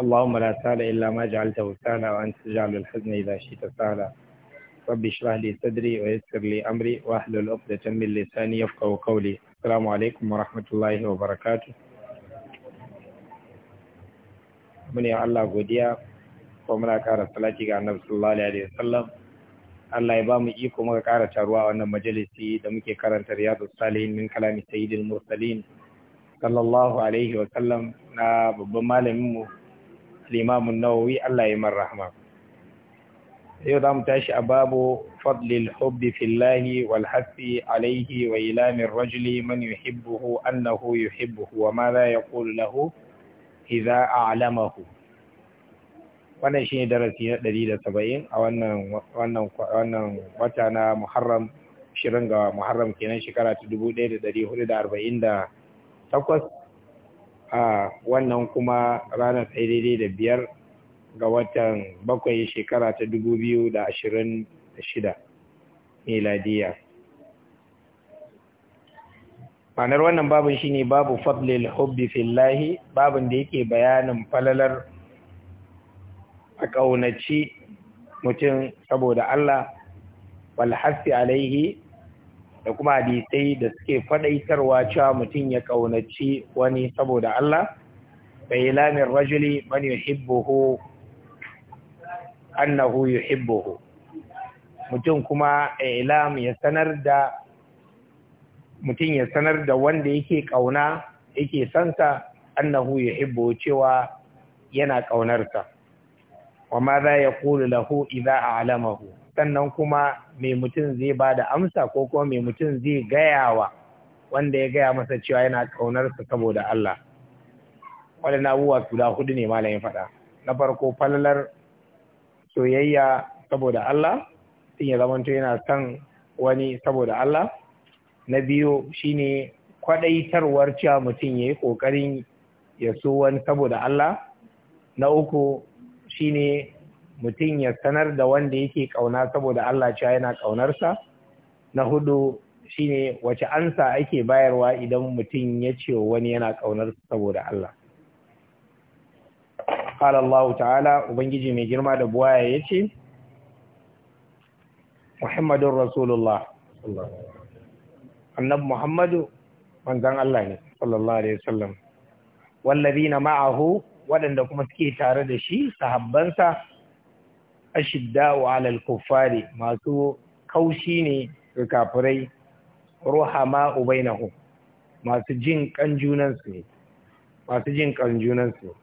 اللهم لا سهل إلا ما جعلته سهلا وأنت تجعل الحزن إذا شئت سهلا رب اشرح لي صدري ويسر لي أمري واحلل عقدة من لساني يفقه قولي السلام عليكم ورحمة الله وبركاته من يا الله godiya ko muna ƙara salati ga Annabi sallallahu alaihi wasallam Allah ya bamu iko muka ƙara taruwa wannan majalisi da muke karanta riyadus salihin min kalami sayyidil sallallahu alaihi wasallam na babban malamin mu limamun nawawi Allah ya mar rahama. yau za mu tashi a babu fadlil hubbi fillahi wal hafi alaihi wa ilamin rajuli man yuhibbuhu annahu yuhibbuhu wa ma za la yaqulu lahu idza a'lamahu wannan shi ne darasi na da saba'in a wannan wannan wannan wata na Muharram shirin ga Muharram kenan shekara ta takwas. a wannan kuma ranar sai daidai da biyar ga watan bakwai shekara ta dubu biyu da ashirin da shida miladiya ma'anar wannan babin ne babu fadlil hubbi fillahi babin da yake bayanin falalar a ƙaunaci mutum saboda Allah walhassi alaihi da kuma hadisai da suke faɗaitarwa cewa mutum ya ƙaunaci wani saboda Allah bai lamin rajuli man yuhibbuhu annahu yuhibbuhu mutum kuma ilam ya sanar da mutum ya sanar da wanda yake ƙauna yake sansa annahu yuhibbuhu cewa yana ƙaunarsa wa ma za ya lahu idza a'lamahu sannan kuma mai mutum zai ba da amsa ko kuma mai mutum zai gaya wa wanda ya gaya masa cewa yana ƙaunarsa saboda Allah waɗannan abubuwa guda hudu ne malamin faɗa na farko falalar soyayya saboda Allah sun ya zamanto yana son wani saboda Allah na biyu shine kwadaitarwar cewa mutum ya yi ƙoƙarin ya so wani saboda Allah na uku shine mutum ya sanar da wanda yake kauna saboda Allah cewa yana kaunarsa, na hudu shine wace ansa ake bayarwa idan mutum ya ce wani yana kaunar saboda Allah qala Allah ta'ala ubangiji mai girma da buwaya yace Muhammadur Rasulullah annabi Muhammadu manzon Allah ne sallallahu alaihi wasallam wallazina ma'ahu waɗanda kuma suke tare da shi sahabbansa ashidda'u 'alal kuffari masu kaushi ne ga kafirai ruhama ubainahu masu jin kan junansu ne masu jin kan junansu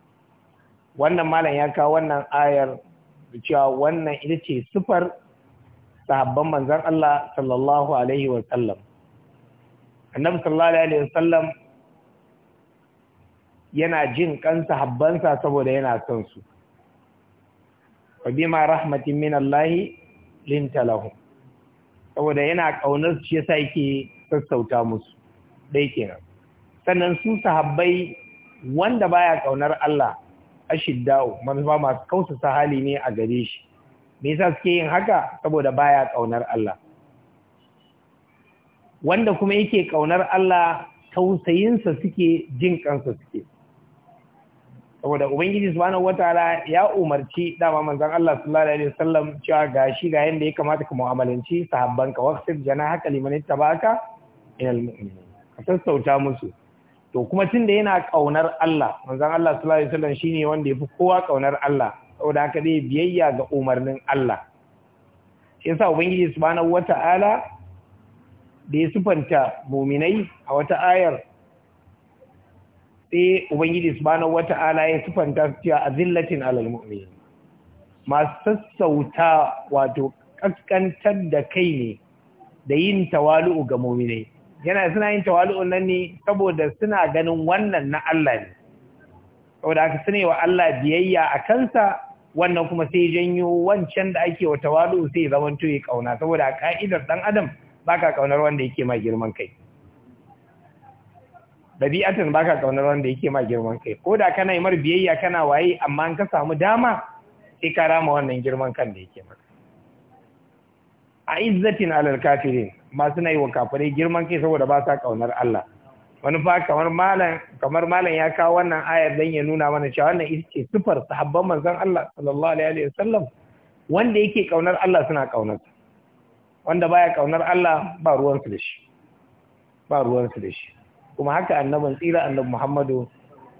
wannan malam ya kawo wannan ayar da cewa wannan ita ce sufar sahabban manzon Allah sallallahu alaihi wa sallam annabi sallallahu alaihi wa sallam yana jin kan sahabbansa saboda yana son su wa ma rahmatin min Allah linta lahum saboda yana kaunar shi yasa yake sassauta musu dai kenan sannan su sahabbai wanda baya kaunar Allah ashidda'u manzo masu kausasa hali ne a gare shi me yasa suke yin haka saboda baya kaunar Allah wanda kuma yake kaunar Allah tausayinsa suke jin kansa suke saboda ubangiji subhanahu wataala ya umarci dama manzon Allah sallallahu alaihi wasallam cewa gashi ga yanda ya kamata ka mu'amalanci ka sahabbanka waqtil janahaka liman limanin ta mu'minin ka sassauta musu to kuma tunda yana kaunar Allah manzon Allah sallallahu alaihi wasallam shine wanda yafi kowa kaunar Allah saboda haka dai biyayya ga umarnin Allah shi yasa ubangiji subhanahu wataala da ya sufanta muminai a wata ayar sai ubangiji subhanahu wata'ala ya sifanta cewa azillatin alal mu'minin masu sassauta wato kaskantar da kai ne da yin tawalu'u ga mu'minai yana suna yin tawalu'u nan ne saboda suna ganin wannan na Allah ne saboda aka sani wa Allah biyayya a kansa wannan kuma sai janyo wancan da ake wa tawalu'u sai zamanto ya kauna saboda ka'idar dan adam baka kaunar wanda yake ma girman kai ɗabi'atan baka kaunar wanda yake ma girman kai ko da kana yi mar biyayya kana waye amma an ka samu dama sai ka rama wannan girman kan da yake maka a izzatin alal kafirin masu na yi wa kafirai girman kai saboda ba sa kaunar Allah wani fa kamar malam kamar malam ya kawo wannan ayar dan ya nuna mana cewa wannan ita sifar sahabban manzon Allah sallallahu alaihi wasallam wanda yake kaunar Allah suna kaunar wanda baya kaunar Allah ba ruwan su da shi ba ruwan su da shi kuma haka annabin tsira annabi Muhammadu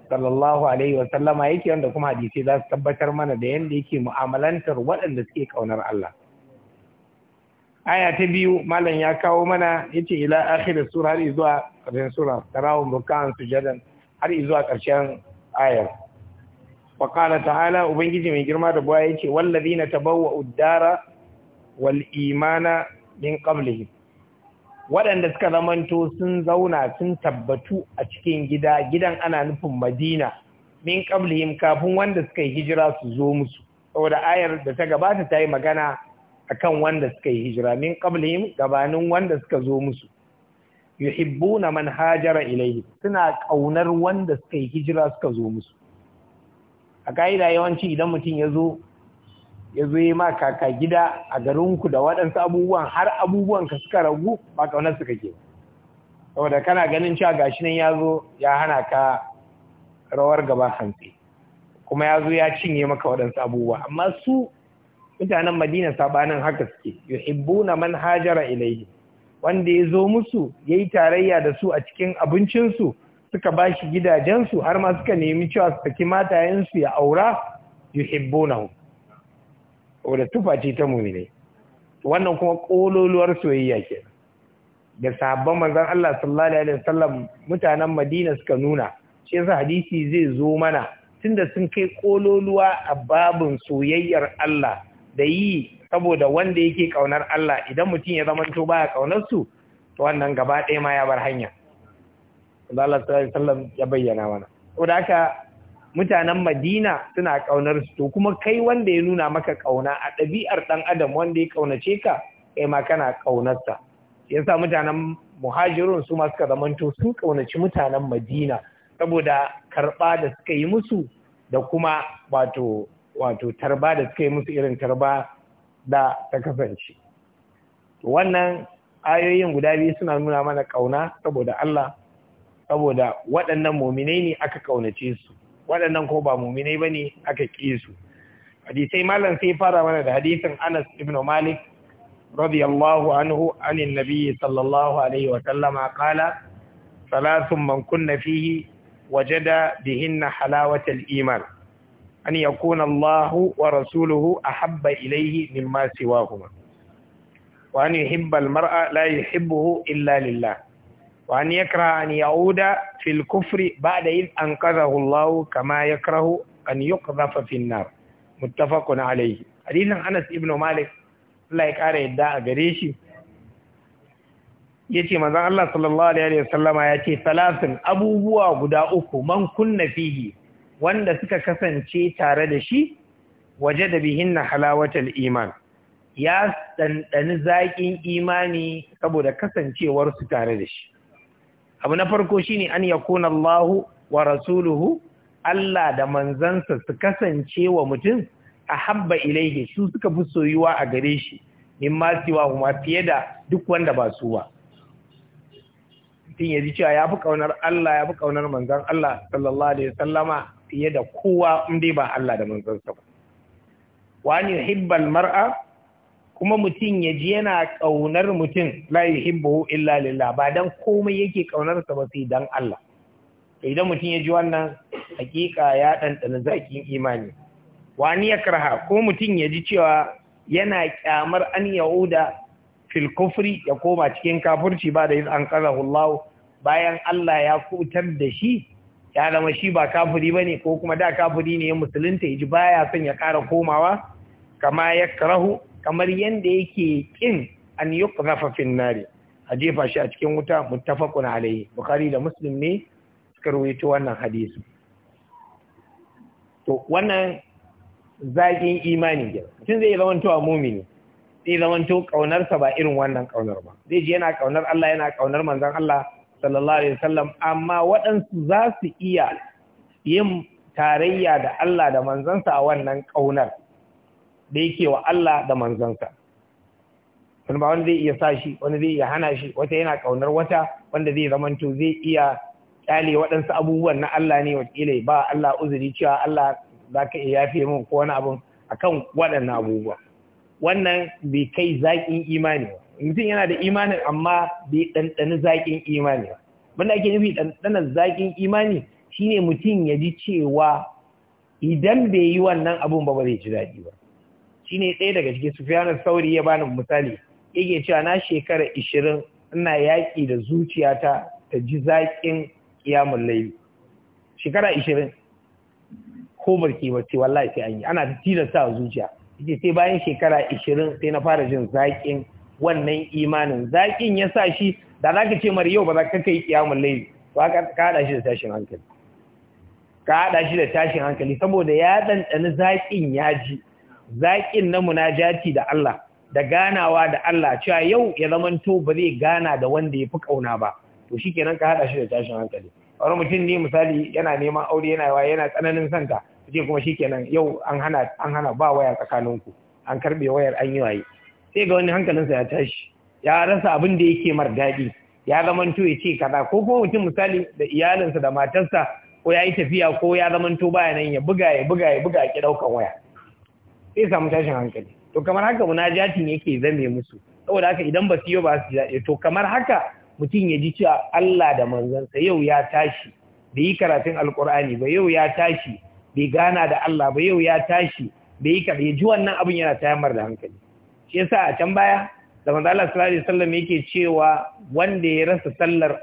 sallallahu alaihi wa sallama yake wanda kuma hadisi za su tabbatar mana da yanda yake mu'amalantar waɗanda suke kaunar Allah aya ta biyu malam ya kawo mana yace ila akhir sura har zuwa ƙarshen sura tarawun rukan sujadan har zuwa ƙarshen ayar wa qala ta'ala ubangiji mai girma da buwa yace wallazina na ad-dara wal imana min qablihim waɗanda suka zamanto sun zauna sun tabbatu a cikin gida gidan ana nufin madina min ƙablihim kafin wanda suka yi hijira su zo musu saboda ayar da ta gabata ta yi magana a kan wanda suka yi hijira min ƙablihim gabanin wanda suka zo musu yuhibbuna man hajara ilaihi suna ƙaunar wanda suka yi hijira suka zo musu a ka'ida yawanci idan mutum ya zo ya zo yi ma kaka gida a garin ku da waɗansu abubuwan har abubuwan ka suka ragu ba ƙaunar suka ke saboda kana ganin cewa gashi nan ya zo ya hana ka rawar gaba hantsi kuma ya zo ya cinye maka waɗansu abubuwa amma su mutanen madina sabanin haka suke yuhibbu man hajara ilaihi wanda ya zo musu ya yi tarayya da su a cikin abincinsu suka ba shi gidajensu har ma suka nemi cewa su saki matayensu ya aura hu wadda tufa ce ta ne wannan kuma kololuwar soyayya ke da sabon manzan Allah sallallahu alaihi wasallam mutanen Madina suka nuna shi yasa hadisi zai zo mana tunda sun kai kololuwa a babun soyayyar Allah da yi saboda wanda yake kaunar Allah idan mutum ya zama to baya kaunar su to wannan gaba ɗaya ma ya bar hanya Allah sallallahu alaihi wasallam ya bayyana mana saboda haka mutanen madina suna ƙaunar su to kuma kai wanda ya nuna maka ƙauna a ɗabi'ar ɗan adam wanda ya ƙaunace ka kai ma kana ƙaunarsa yasa mutanen muhajirun su ma suka zamanto sun ƙaunaci mutanen madina saboda karɓa da suka yi musu da kuma wato wato tarba da suka yi musu irin tarba da ta kasance wannan ayoyin guda biyu suna nuna mana ƙauna saboda Allah saboda waɗannan mominai ne aka ƙaunace su waɗannan ko ba muminai ba ne aka ƙi su hadisai malam sai fara mana da hadisin anas ibn malik radiyallahu anhu anin nabi sallallahu alaihi wa sallama qala salatun man kunna fihi wajada bihinna halawatal iman an yakuna Allah wa rasuluhu ahabba ilayhi mimma siwahuma wa an yuhibba al-mar'a la yuhibbuhu illa lillah wa an yakra an ya'uda an kufri ba'da id anqadhahu Allah kama yakrahu an yuqdhafa fin alayhi hadisin Anas ibn Malik Allah ya kara yadda a gare shi yace mazan Allah sallallahu alaihi wasallama yace talatin abubuwa guda uku man kunna fihi wanda suka kasance tare da shi waje da bihin na halawatar iman ya ɗanɗani zaƙin imani saboda kasancewarsu tare da shi abu na farko shine an yakuna Allahu wa rasuluhu Allah da manzansa su kasance wa mutum a habba ilaihi su suka fi soyuwa a gare shi min siwa kuma fiye da duk wanda ba su ba mutum ya cewa ya fi kaunar Allah ya fi kaunar manzan Allah sallallahu alaihi wasallama fiye da kowa in dai ba Allah da manzansa ba wa an mar'a kuma mutum ya ji yana ƙaunar mutum layi yuhibbu illa lillah ba don komai yake ƙaunar sa ba sai don Allah idan mutum ya ji wannan hakika ya ɗanɗana zakin imani wani ya karha ko mutum ya ji cewa yana kyamar an yahuda fil kufri ya koma cikin kafurci ba da yin an karahu Allah bayan Allah ya kutar da shi ya zama shi ba kafuri ba ne, ko kuma da kafuri ne ya musulunta ya ji baya son ya ƙara komawa kama ya karahu kamar yadda yake kin an yi fin nari a jefa shi a cikin wuta Mutafakun alayhi bukhari da muslim ne suka rawaito wannan hadisi to wannan zaƙin imani ne mutum zai to mumini zai kaunar ƙaunarsa ba irin wannan ƙaunar ba zai ji yana ƙaunar Allah yana kaunar manzon Allah sallallahu alaihi wasallam amma waɗansu za su iya yin tarayya da Allah da manzansa a wannan ƙaunar da yake wa Allah da manzansa wani ba wani zai iya sa shi wani zai iya hana shi wata yana ƙaunar wata wanda zai zamanto zai iya ƙyale waɗansu abubuwan na Allah ne wakilai ba Allah uzuri cewa Allah za ka iya yafe min ko wani abun kan waɗannan abubuwa wannan bai kai zaƙin imani ba mutum yana da imanin amma bai ɗanɗani zaƙin imani ba wanda ake nufi ɗanɗanar zaƙin imani shine mutum ya ji cewa idan bai yi wannan abun ba ba zai ji daɗi ba Shi ne ɗaya daga cikin sufiyanar Sauri ya bani misali yake cewa na shekara ishirin ina yaƙi da zuciyata ta ji zaƙin ƙiyamun laili shekara ishirin ko barke ba ce wallahi sai an yi ana tilasta a zuciya yake sai bayan shekara ishirin sai na fara jin zaƙin wannan imanin zaƙin ya sa shi da za ka ce mara yau ba za ka kai ƙiyamun laili ba ka haɗa shi da tashin hankali ka haɗa shi da tashin hankali saboda ya ɗanɗani zaƙin ya ji zaƙin na munajati da Allah da ganawa da Allah cewa yau ya zamanto ba zai gana da wanda ya fi ƙauna ba to shi kenan ka haɗa shi da tashin hankali wani mutum ne misali yana neman aure yana wa yana tsananin son ka ce kuma shi kenan yau an hana an hana ba waya tsakaninku an karɓe wayar an yi waye sai ga wani hankalinsa ya tashi ya rasa abin da yake mar daɗi ya zamanto ya ce kaza ko kuma mutum misali da iyalinsa da matarsa ko ya yi tafiya ko ya zamanto baya nan ya buga ya buga ya buga ki ɗaukan waya sai samu tashin hankali to kamar haka munajatin yake zame musu saboda haka idan ba su yi ba su daɗe to kamar haka mutum ya ji cewa Allah da manzansa yau ya tashi bai yi karatun alkur'ani ba yau ya tashi bai gana da Allah ba yau ya tashi bai yi karatun. Ya ji wannan abin yana tayamar da hankali shi yasa a can baya da manzo Allah sallallahu alaihi wasallam yake cewa wanda ya rasa sallar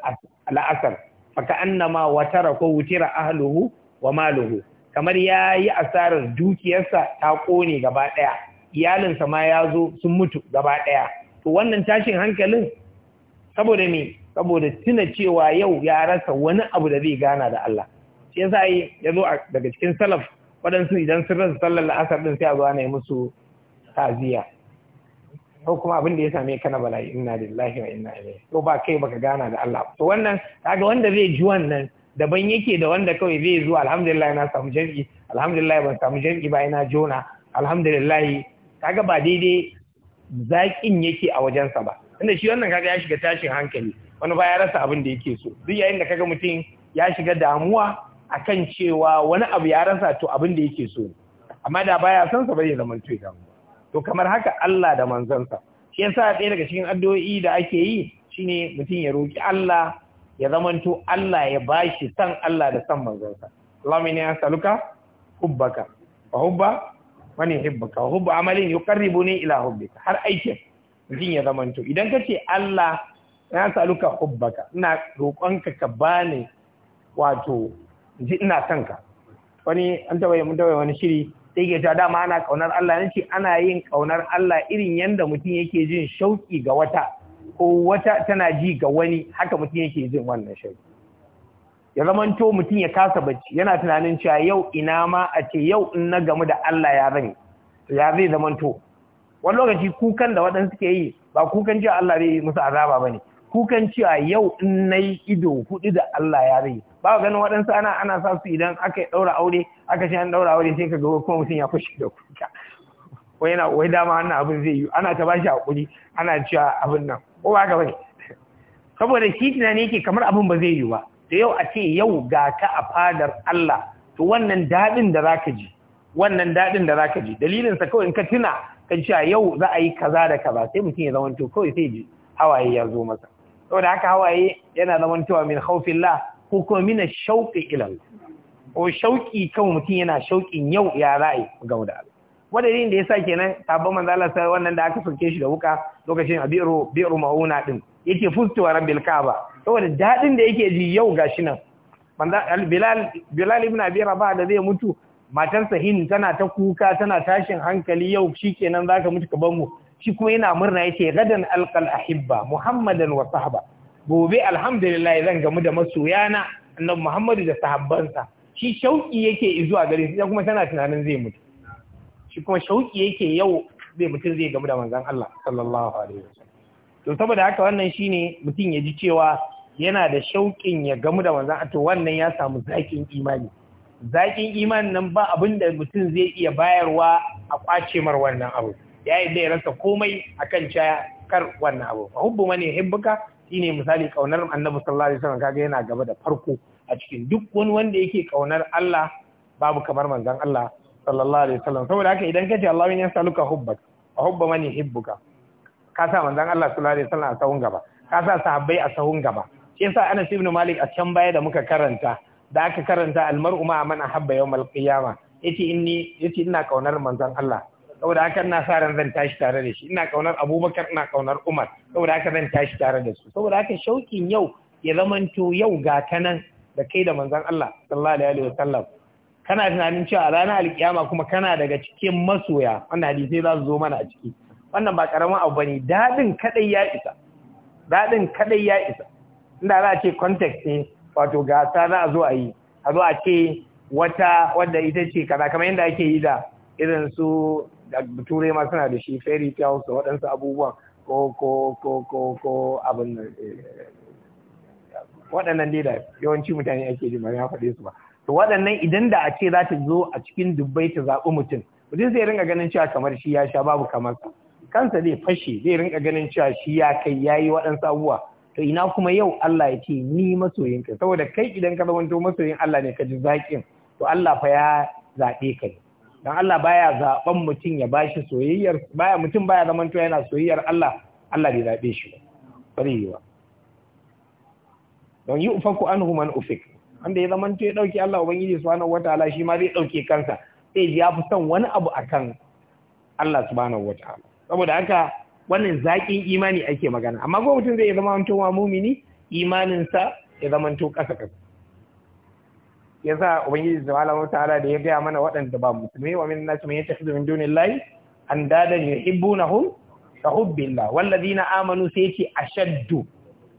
al'asar faka annama tara ko wutira ahluhu wa maluhu kamar ya yi asarar dukiyarsa ta ƙone gaba ɗaya iyalinsa ma ya zo sun mutu gaba ɗaya to wannan tashin hankalin saboda me saboda tuna cewa yau ya rasa wani abu da zai gana da Allah shi yasa ya zo daga cikin salaf waɗansu idan sun rasa sallar la'asar ɗin sai a zuwa ana yi musu taziya ko kuma abin da ya same ka na bala'i inna lillahi wa inna ilaihi to ba kai baka gana da Allah to wannan kaga wanda zai ji wannan daban yake da wanda kawai zai zo alhamdulillah na samu jami'i alhamdulillah ban samu jami'i ba ina jona alhamdulillah kaga ba daidai zaƙin yake a wajensa ba inda shi wannan kaga ya shiga tashin hankali wani ba ya rasa abin da yake so duk yayin da kaga mutum ya shiga damuwa akan cewa wani abu ya rasa to abin da yake so amma da baya son sa ba zai zama to damuwa to kamar haka Allah da manzansa shi yasa ɗaya daga cikin addu'o'i da ake yi shine mutum ya roki Allah ya zamanto Allah ya bashi san Allah da san manzansa Allahumma inni as'aluka hubbaka wa hubba man yuhibbuka wa hubba amalin yuqarribuni ila hubbika har aikin mutum ya zamanto idan kace Allah ya as'aluka hubbaka ina roƙonka ka bani wato ina son ka wani an tawaye mun tawaye wani shiri sai ke dama ana kaunar Allah ne ce ana yin kaunar Allah irin yanda mutum yake jin shauki ga wata ko wata tana ji ga wani haka mutum yake jin wannan shari ya zamanto mutum ya kasa bacci yana tunanin cewa yau ina ma a ce yau in na gamu da Allah ya zan ya zai zamanto wani lokaci kukan da waɗansu suke yi ba kukan cewa Allah zai musu azaba bane kukan cewa yau in nayi ido hudu da Allah ya zai ba ganin waɗansu ana ana sa su idan aka yi ɗaura aure aka ce an ɗaura aure sai ka ga kuma mutum ya fushi da kuka wai dama wannan abin zai yi ana ta bashi hakuri ana cewa abin nan kowa ba ga bane saboda shi tunani yake kamar abin ba zai yi ba da yau a ce yau ga ka a fadar Allah to wannan daɗin da zaka ji wannan dadin da zaka ji dalilin sa kawai in ka tuna kan cewa yau za a yi kaza da kaza sai mutum ya zama to kawai sai ji hawaye ya zo masa saboda haka hawaye yana zama to min la, ko kuma min shauqi ila Allah ko shauki kan mutum yana shauƙin yau ya ra'ayi ga Allah wanda da ya sa kenan sabon manzala sai wannan da aka soke shi da wuka lokacin abiru biro mauna din yake fustuwa rabbil kaaba saboda dadin da yake ji yau gashi nan bilal bilal ibn abi rabah da zai mutu matansa hin tana ta kuka tana tashin hankali yau shikenan zaka mutu ka mu shi kuma yana murna yace gadan alqal ahibba muhammadan wa sahaba gobe alhamdulillah zan gamu da masoyana annabi muhammadu da sahabbansa shi shauki yake zuwa gare shi kuma tana tunanin zai mutu shi kuma shauki yake yau zai mutum zai gamu da manzan Allah sallallahu alaihi wasallam to saboda haka wannan shine mutum ya ji cewa yana da shauƙin ya gamu da manzon to wannan ya samu zaƙin imani Zaƙin imani nan ba abin da mutum zai iya bayarwa a kwace wannan abu Ya da ya rasa komai akan caya kar wannan abu hubbu mani hibbuka ne misali kaunar annabi sallallahu alaihi wasallam kaga yana gaba da farko a cikin duk wani wanda yake kaunar Allah babu kamar manzan Allah sallallahu alaihi wasallam saboda haka idan kace Allahu in yasaluka hubbak wa hubba man yuhibbuka ka sa manzon Allah sallallahu alaihi wasallam a sahun gaba ka sa sahabbai a sahun gaba shi yasa Anas ibn Malik a can baya da muka karanta da aka karanta almar'u ma man ahabba yawmal qiyama yace inni yace ina kaunar manzon Allah saboda haka ina sa ran zan tashi tare da shi ina kaunar Abubakar ina kaunar Umar saboda haka zan tashi tare da su saboda haka shaukin yau ya zamanto yau ga kanan da kai da manzon Allah sallallahu alaihi wasallam kana tunanin cewa a ranar alkiyama kuma kana daga cikin masoya wannan hadisai za su zo mana a ciki wannan ba karamin abu bane dadin kadai ya isa dadin kadai ya isa inda za a ce context ne wato gasa za a zo a yi a zo a ce wata wadda ita ce kaza kamar yadda ake yi da irin su turai ma suna da shi fairy tales da waɗansu abubuwan ko ko ko ko ko abin eh, waɗannan dai da yawanci mutane ake ji ya faɗe su ba to waɗannan idan da a ce za ta zo a cikin dubbai ta zaɓi mutum mutum zai rinka ganin cewa kamar shi ya sha babu kamar kansa zai fashe zai rinka ganin cewa shi ya kai ya yi waɗansu abubuwa to ina kuma yau Allah ya ce ni masoyinka saboda kai idan ka zamanto masoyin Allah ne ka ji zaƙin to Allah fa ya zaɓe ka ne don Allah baya zaɓen mutum ya bashi soyayyar baya mutum baya zamanto yana soyayyar Allah Allah bai zaɓe shi ba bari yiwa don yi ufaku anhu man ufik wanda ya zama ya dauke Allah ubangiji subhanahu wataala shi ma zai dauke kansa sai ya fi son wani abu akan Allah subhanahu wataala saboda haka wannan zaƙin imani ake magana amma ko mutum zai zama mutum wa mumini imanin sa ya zama to kasa kasa yasa ubangiji subhanahu wataala da ya ga mana waɗanda ba musulmi wa min nasu man yattakhidhu min dunillahi andadan yuhibbunahum ka hubbillah wallazina amanu sai ce ashaddu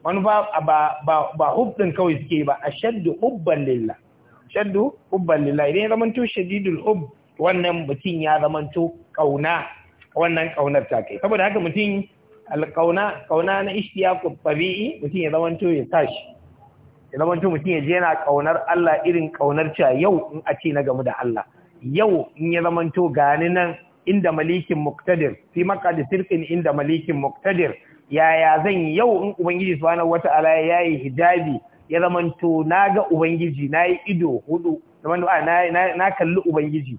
manufa ba ba hubbin kawai suke ba a shaddu hubban lillah shaddu hubban lillah idan ya zamanto shadidul hub, wannan mutum ya zamanto kauna wannan kaunar ta kai saboda haka mutum alƙauna kauna na ishtiyaqu tabi'i mutum ya zamanto ya tashi ya zamanto mutum ya je yana kaunar Allah irin kaunar ta yau in a ce na gamu da Allah yau in ya zamanto gani nan inda malikin muqtadir fi maqadi sirqin inda malikin muqtadir yaya zan yi yau in ubangiji subhanahu wata'ala ya yi hijabi ya zamanto na ga ubangiji na yi ido hudu na kalli ubangiji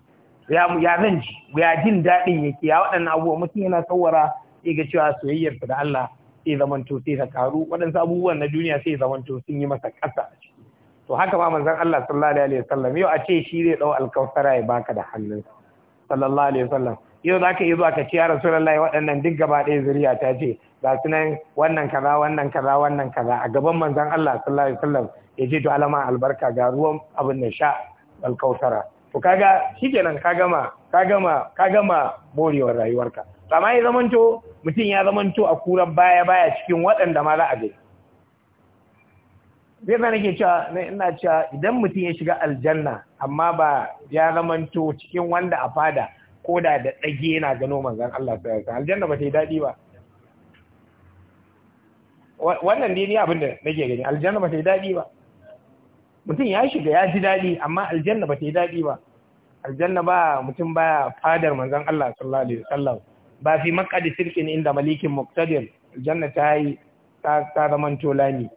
ya zan ji ya jin daɗin yake ya waɗannan abubuwa mutum yana tsawara sai ga cewa soyayyarsa da Allah sai zamanto sai ta karu waɗansu abubuwan na duniya sai zamanto sun yi masa ƙasa a to haka ma manzon Allah sallallahu alaihi wasallam yau a ce shi zai dau alkawfara ya baka da hannun sallallahu alaihi wasallam yau zaka yi zuwa ka ce ya rasulullahi waɗannan duk gaba ɗaya zuriya ta ce ga su wannan kaza wannan kaza wannan kaza a gaban manzan Allah sallallahu alaihi wasallam ya ce to alama albarka ga ruwan abin da sha alkautara to kaga shikenan ka gama ka gama ka gama morewar rayuwarka amma ya zamanto mutum ya zamanto a kuran baya baya cikin waɗanda ma za a je zai zana ke cewa na ina cewa idan mutum ya shiga aljanna amma ba ya zamanto cikin wanda a fada ko da da ɗage yana gano manzan Allah sallallahu alaihi wasallam aljanna ba ta yi daɗi ba wannan dai ni abin da nake gani aljanna ba ta yi daɗi ba mutum ya shiga ya ji daɗi amma aljanna ba ta yi daɗi ba aljanna ba mutum ba fadar manzon Allah sallallahu alaihi wasallam ba fi da sirkin inda malikin muqtadir aljanna ta yi ta ta zaman tolani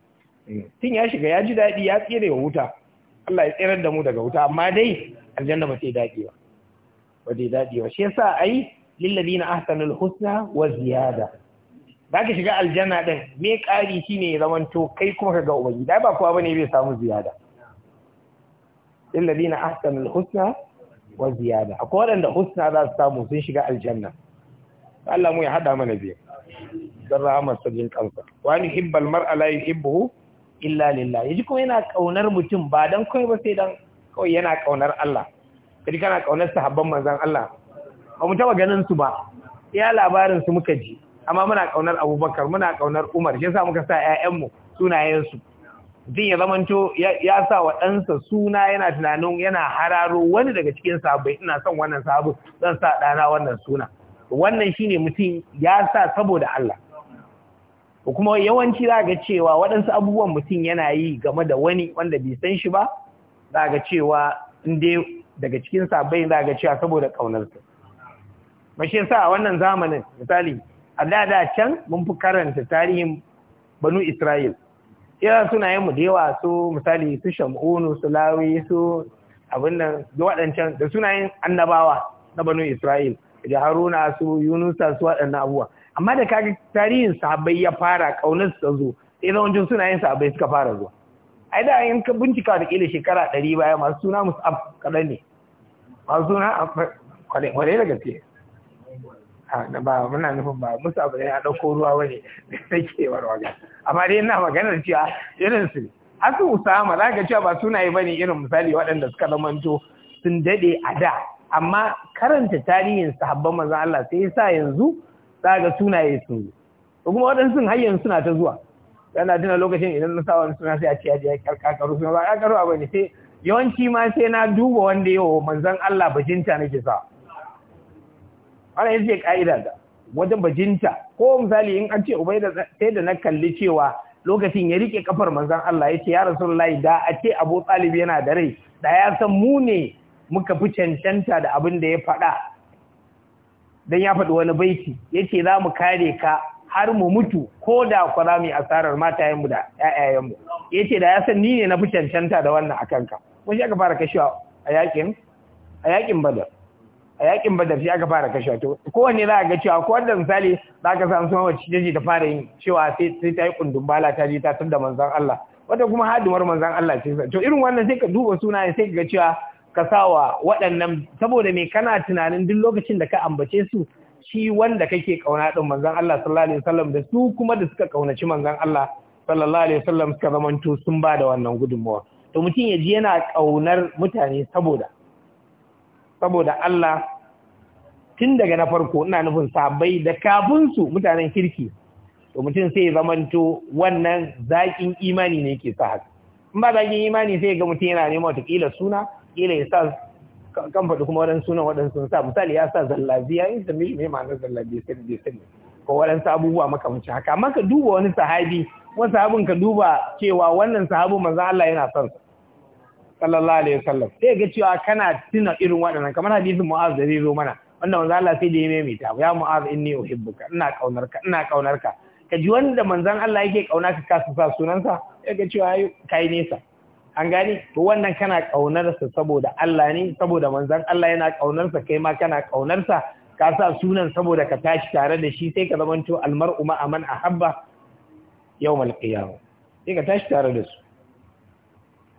mm. tun ya shiga ya ji daɗi ya tsire wa wuta Allah ya tsirar da mu daga wuta amma dai aljanna ba ta yi daɗi ba ba ta yi daɗi ba shi yasa ai lilladina ahsanul husna wa ziyada za ka shiga aljanna ɗin me ƙari shi ne to kai kuma ka ga ubangiji ba kowa ba bai samu ziyada illazina ahsanul husna wa ziyada akwai waɗanda husna za su samu sun shiga aljanna Allah mu ya hada mana biyu dan rahama sabin kansa wa ni hibbal mar'a la yuhibbu illa lillah yaji kuma yana kaunar mutum ba dan kai ba sai dan kawai yana kaunar Allah kadi kana kaunar sahabban manzon Allah ba mu taba ganin su ba iya labarin su muka ji amma muna kaunar abubakar muna kaunar umar shi sa muka sa ƴaƴanmu sunayensu mutum ya zamanto ya sa wa ɗansa suna yana tunanin yana hararo wani daga cikin sabai ina son wannan sabu zan sa ɗana wannan suna wannan shine mutum ya sa saboda Allah kuma yawanci za ga cewa waɗansu abubuwan mutum yana yi game da wani wanda bai san shi ba za ga cewa in daga cikin sabai za ga cewa saboda ƙaunarsa mashi sa a wannan zamanin misali a da can mun fi karanta tarihin banu Isra'il ira sunayen mu da yawa su misali su shamunu su lawi su abin nan da waɗancan da sunayen annabawa na banu Isra'il da Haruna su Yunusa su waɗannan abubuwa amma da kaga tarihin sahabbai ya fara ƙaunar su zo sai zawancin sunayen sahabbai suka fara zuwa ai da yin ka bincika da kila shekara ɗari baya masu suna ab kaɗan ne masu suna kwale da gaske ba muna nufin ba musu abu ya dauko ruwa wani sakewar magana amma dai ina maganar cewa irin su asu usama za ka cewa ba sunaye bane irin misali waɗanda suka zamanto sun daɗe a da amma karanta tarihin sahabban maza Allah sai sa yanzu za ga sunaye sun zo ko kuma waɗansu sun yanzu suna ta zuwa yana tuna lokacin idan na sa suna sai a ce ya karkaru suna ba karkaru abu ne sai yawanci ma sai na duba wanda yawa manzon Allah bajinta nake sawa. ana yin ce ka'ida ga wajen bajinta ko misali in an ce ubaida sai da na kalli cewa lokacin ya rike kafar manzon Allah ya ce ya rasulullahi da a ce Abu Talib yana da rai da ya san mu ne muka fi cancanta da abin da ya faɗa dan ya faɗi wani baiti ce za mu kare ka har mu mutu ko da ku za mu yi asarar matayenmu da ƴaƴayenmu ce da ya san ni ne na fi cancanta da wannan akan ka mun aka fara kashewa a yakin a a yakin badar shi aka fara kashe to kowanne za a ga cewa ko wanda misali za ka samu sama wacce jeji ta fara yin cewa sai ta yi bala ta je ta tunda manzon Allah wata kuma hadimar manzon Allah ce to irin wannan sai ka duba ne sai ka ga cewa ka sa wa waɗannan saboda me kana tunanin duk lokacin da ka ambace su shi wanda kake kauna din manzon Allah sallallahu alaihi wasallam da su kuma da suka kaunaci manzan Allah sallallahu alaihi wasallam suka zamanto sun ba da wannan gudunmawa to mutum ya ji yana kaunar mutane saboda saboda Allah tun daga na farko ina nufin sabai da kafin su mutanen kirki to mutum sai ya zamanto wannan zaƙin imani ne yake sa haka in ba zaƙin imani sai ga mutum yana nema wata suna kila ya sa kan faɗi kuma waɗansu sunan waɗansu sa misali ya sa zallabi ya yin sami mai ma'anar zallabi sai da sai ko waɗansu abubuwa makamancin haka amma ka duba wani sahabi wani sahabin ka duba cewa wannan sahabin manzan Allah yana son sa sallallahu alaihi wasallam sai ga cewa kana tuna irin waɗannan kamar hadisin mu'az da zai zo mana wanda manzo Allah sai da ya maimaita ya mu'az inni uhibbuka ina kaunarka ina kaunarka ka ji wanda manzon Allah yake kauna ka kasu sa sunansa sai ga cewa kai nesa an gani to wannan kana kaunarsa saboda Allah ne saboda manzon Allah yana kaunarsa kai ma kana kaunarsa ka sa sunan saboda ka tashi tare da shi sai ka zamanto almar'u ma'aman man ahabba yawmal qiyamah sai ka tashi tare da su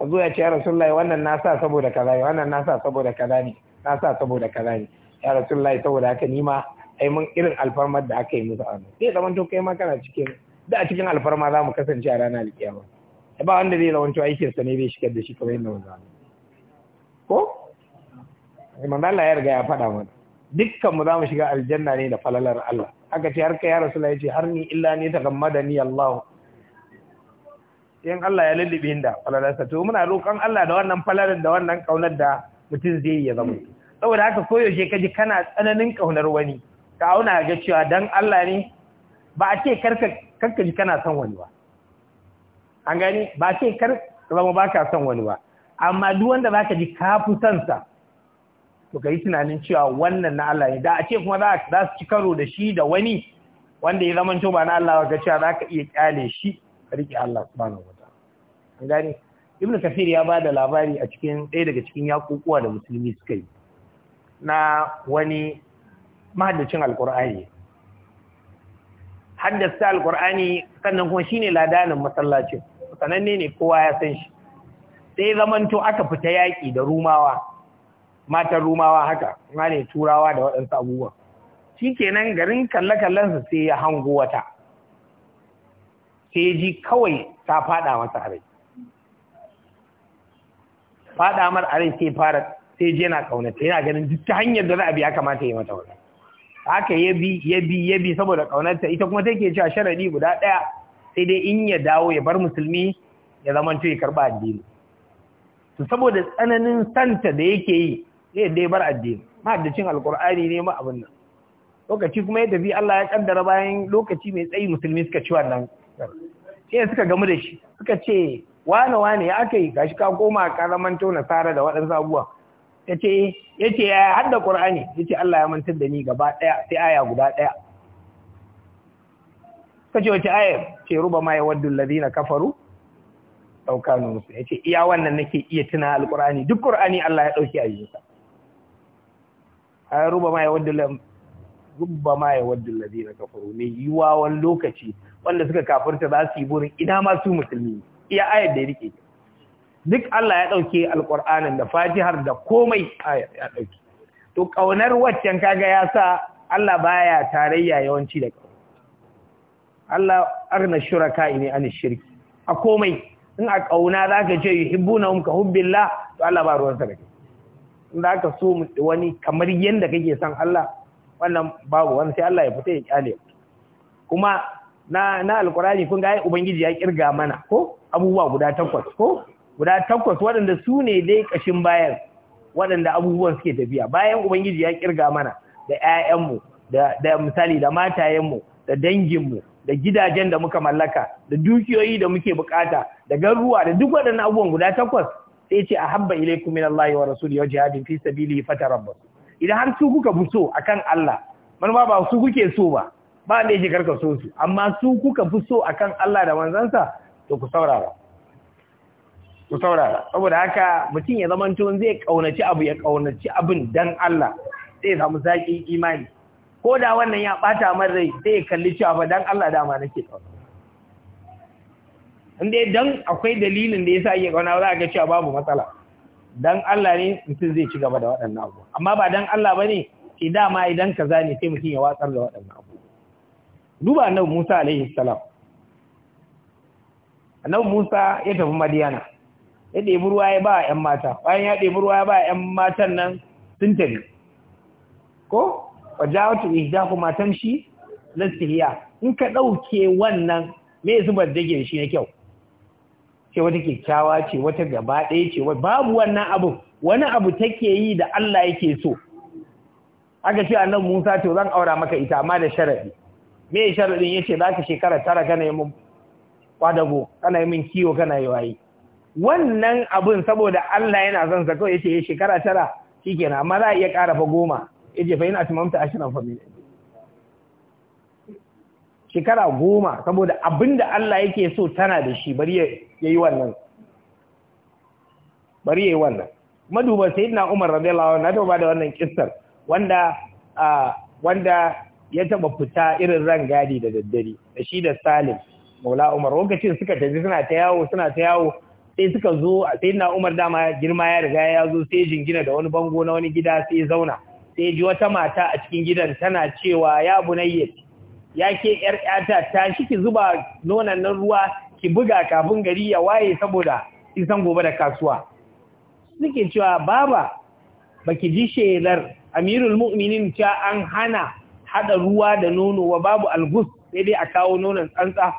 a zuwa ce ya rasulullahi wannan na sa saboda kaza ne wannan na sa saboda kaza ne na sa saboda kaza ne ya rasulullahi saboda haka ni ma ai mun irin alfarmar da aka yi musu a zai zaman to kai ma kana cikin da a cikin alfarma za mu kasance a ranar alkiyama ba wanda zai zamanto aikinsa ne bai shigar da shi kamar yadda wani ko manzo Allah ya riga ya faɗa mana dukkan mu za mu shiga aljanna ne da falalar Allah aka ce har kai ya ya ce har ni illa ni ni Allah in Allah ya lullube inda falalarsa to muna roƙon Allah da wannan falalar da wannan ƙaunar da mutum zai yi ya zama saboda haka koyaushe kaji kana tsananin ƙaunar wani ka auna ga cewa dan Allah ne ba a ce karka karka ji kana son wani ba an gani ba a ce kar zama ba ka son wani ba amma duk wanda ka ji ka fi son sa to kai tunanin cewa wannan na Allah ne da a ce kuma za su ci karo da shi da wani wanda ya zama to ba na Allah ba ka cewa za ka iya kyale shi riƙe Allah subhanahu gane ibn kafir ya ba da labari a cikin ɗaya daga cikin yakukuwa da musulmi suka yi na wani mahaddacin alkur'ani Haddasa alkur'ani sannan kuma shine ladanin masallacin sananne ne kowa ya san shi sai zamanto aka fita yaƙi da rumawa matan rumawa haka na ne turawa da waɗansu abubuwa shi kenan garin kalle-kallensa sai ya hango wata sai ji kawai ta faɗa masa rai faɗa mar a rai sai fara sai je na ƙaunata yana ganin duk ta hanyar da za a bi ya kamata ya mata wannan haka ya bi ya bi ya bi saboda ƙaunarta ita kuma take cewa sharadi guda ɗaya sai dai in ya dawo ya bar musulmi ya zama ya karɓa addini to saboda tsananin santa da yake yi zai dai bar addini cin alƙur'ani ne ma abin nan lokaci kuma ya tafi Allah ya kaddara bayan lokaci mai tsayi musulmi suka ci wannan sai suka gamu da shi suka ce wane wane ya aka yi gashi ka koma karaman tona tsara da waɗansu abubuwa ya ce ya ce ya hadda ƙur'ani ya ce Allah ya mantar da ni gaba ɗaya sai aya guda ɗaya suka ce wace aya ce ruba ma ya waddu ladina kafaru ɗaukanu musu ya ce iya wannan nake iya tuna alƙur'ani duk ƙur'ani Allah ya ɗauki a yi ruba ma ya waddu Gubba ya waddu alladhina kafaru ne yiwa wani lokaci wanda suka kafarta za su yi burin ina masu su musulmi iya ayar da ya rike duk Allah ya dauke alqur'anin da fatihar da komai ayar ya dauke to kaunar waccan kaga ya sa Allah baya tarayya yawanci da kauna Allah arna shuraka ne an shirki a komai in a kauna zaka ce yuhibbunahum ka hubbillah to Allah ba ruwan sa da kai in zaka so wani kamar yanda kake son Allah wannan babu wani sai Allah ya fita ya kyale kuma na na alkurani kun ga ai ubangiji ya kirga mana ko abubuwa guda takwas ko guda takwas waɗanda su ne dai kashin bayan waɗanda abubuwan suke tafiya bayan ubangiji ya kirga mana da ƴaƴanmu da da misali da matayenmu da danginmu da gidajen da muka mallaka da dukiyoyi da muke bukata da garuwa da duk waɗannan abubuwan guda takwas sai ce ahabba ilaikum minallahi wa rasuli wa jihadin fi sabili fatarabbasu idan har su kuka fi so akan Allah manoma ba su kuke so ba ba da yake karka so su amma su kuka fi so akan Allah da wanzansa, to ku saurara ku saurara saboda haka mutum ya zama tun zai kaunaci abu ya kaunaci abin dan Allah sai samu zaƙin imani ko da wannan ya ɓata min rai sai kalli cewa ba dan Allah dama nake kauna inda dan akwai dalilin da ya sa yake kauna za a ga cewa babu matsala dan Allah ne mutum zai ci gaba da waɗannan abu amma ba dan Allah bane sai dama idan ka zane sai mutum ya watsar da waɗannan abu duba annabi Musa alaihi salam annabi Musa ya tafi Madiyana ya ɗebi ruwa ya ba ‘yan mata bayan ya ɗebi ruwa ya ba ‘yan matan nan sun tafi ko wa jawatu ihdahu matam shi lastihiya in ka ɗauke wannan me zubar dage shi na kyau ce wata kyakkyawa ce wata gaba ɗaya ce babu wannan abu wani abu take yi da Allah yake so aka ce annabi Musa to zan aura maka ita amma da sharadi me sharadin yace zaka shekara tara kana yi mun kwadago kana yi mun kiwo kana yi wayi wannan abun saboda Allah yana son sa kawai yace eh, shekara tara shikenan amma za a iya ƙara fa goma yace fa ina tumamta ashirin fa shekara goma saboda abinda Allah yake so tana da shi bari ya yi wannan bari ya yi wannan maduba sai na umar radiyallahu na taba da wannan kistar wanda wanda ya taba fita irin rangadi da daddare da shi da salim maula umar lokacin suka tafi suna ta yawo suna ta yawo sai suka zo sai na umar dama girma ya riga ya zo sai jingina da wani bango na wani gida sai zauna sai ji wata mata a cikin gidan tana cewa ya bunayya ya ke ‘yar ‘yata ta shi ki zuba nonan nan ruwa ki buga kafin gari ya waye saboda isan gobe da kasuwa. Suke cewa baba ki ji shelar amirul mu'minin ta an hana haɗa ruwa da nono wa babu algus sai dai a kawo nonon tsantsa.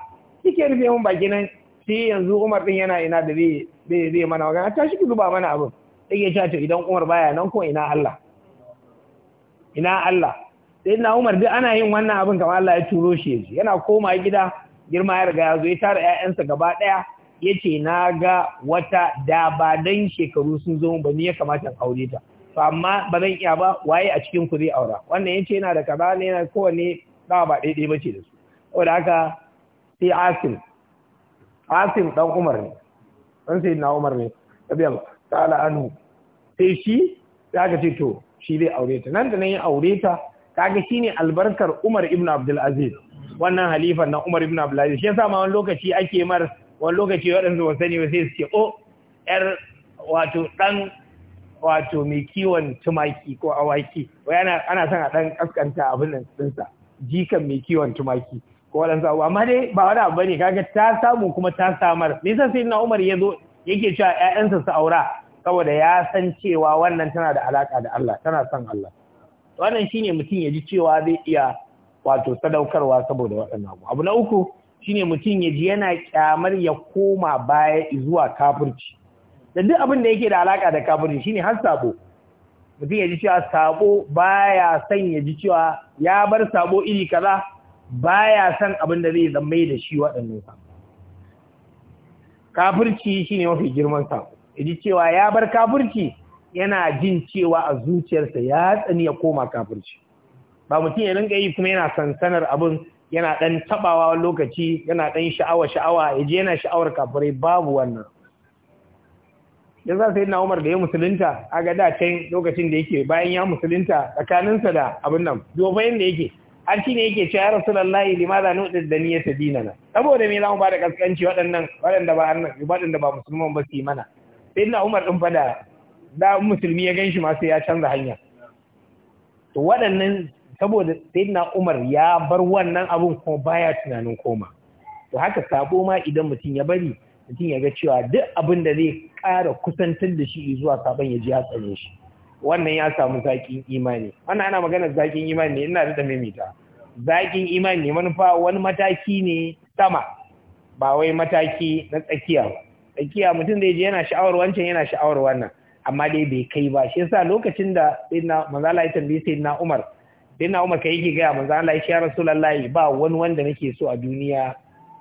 Suke rufe mun baki nan sai yanzu Umar ɗin yana ina da zai mana magana ta shi ki zuba mana abin. Suke cewa idan Umar baya nan ko ina Allah. Ina Allah. sai na umar duk ana yin wannan abin kamar Allah ya turo shi yanzu yana koma gida girma ya riga ya zo ya tara ƴaƴansa gaba ɗaya ya ce na ga wata da ba dan shekaru sun zo ba ni ya kamata in aure ta to amma ba zan iya ba waye a cikin ku zai aura wannan yace yana da kaza ne yana kowanne ba ba daidai bace da su saboda haka sai Asim Asim dan Umar ne dan sai na Umar ne radiyallahu ta'ala anhu sai shi ya ga ce to shi zai aure ta nan da nan ya aure ta kaga shine albarkar Umar ibn Abdul Aziz wannan halifan na Umar ibn Abdul Aziz shi yasa ma wani lokaci ake mar wani lokaci waɗanda ba sani sai su ce o oh, yar wato dan wato mai kiwon tumaki ko awaki wai ana ana son a dan kaskanta abin nan sa jikan mai kiwon tumaki ko waɗansu abu amma dai ba wani abu bane kaga ta samu kuma ta samar me yasa sai na Umar ya zo yake cewa ƴaƴansa su aura saboda ya san cewa wannan tana da alaka da Allah tana son Allah wannan shine mutum ya ji cewa zai iya wato sadaukarwa saboda waɗannan abu abu na uku shine mutum ya ji yana kyamar ya koma baya zuwa kafirci da duk abin da yake da alaka da kafirci shine har sabo mutum ya ji cewa sabo baya son ya ji cewa ya bar sabo iri kaza baya son abin da zai zama da shi waɗannan sabo kafirci shine mafi girman sabo ya ji cewa ya bar kafirci yana jin cewa a zuciyarsa ya tsani ya koma kafin kafirci ba mutum ya rinka yi kuma yana sansanar abin yana dan tabawa lokaci yana dan sha'awa sha'awa ya je yana sha'awar kafirai babu wannan ya za sai na umar da ya musulunta a ga da can lokacin da yake bayan ya musulunta tsakaninsa da abin nan dobayin da yake an shi ne yake cewa rasulullahi limaza nuɗi da niyyar ta na. saboda me zamu ba da kaskanci waɗannan waɗanda ba waɗanda ba musulman ba su yi mana sai na umar ɗin fada da musulmi ya gan shi masu ya canza hanya to waɗannan saboda sayyidina Umar ya bar wannan abin kuma baya tunanin koma to haka sabo ma idan mutum ya bari mutum ya ga cewa duk abin da zai ƙara kusantar da shi zuwa sabon ya ji ya tsare shi wannan ya samu zaƙin imani wannan ana magana zaƙin imani ne ina da ta maimaita zaƙin imani ne manufa wani mataki ne sama ba wai mataki na tsakiya tsakiya mutum zai je yana sha'awar wancan yana sha'awar wannan amma dai bai kai ba shi yasa lokacin da dinna manzo Allah ya tambaye sai na Umar dinna Umar kai yake ga manzo Allah ya Rasulullahi ba wani wanda nake so a duniya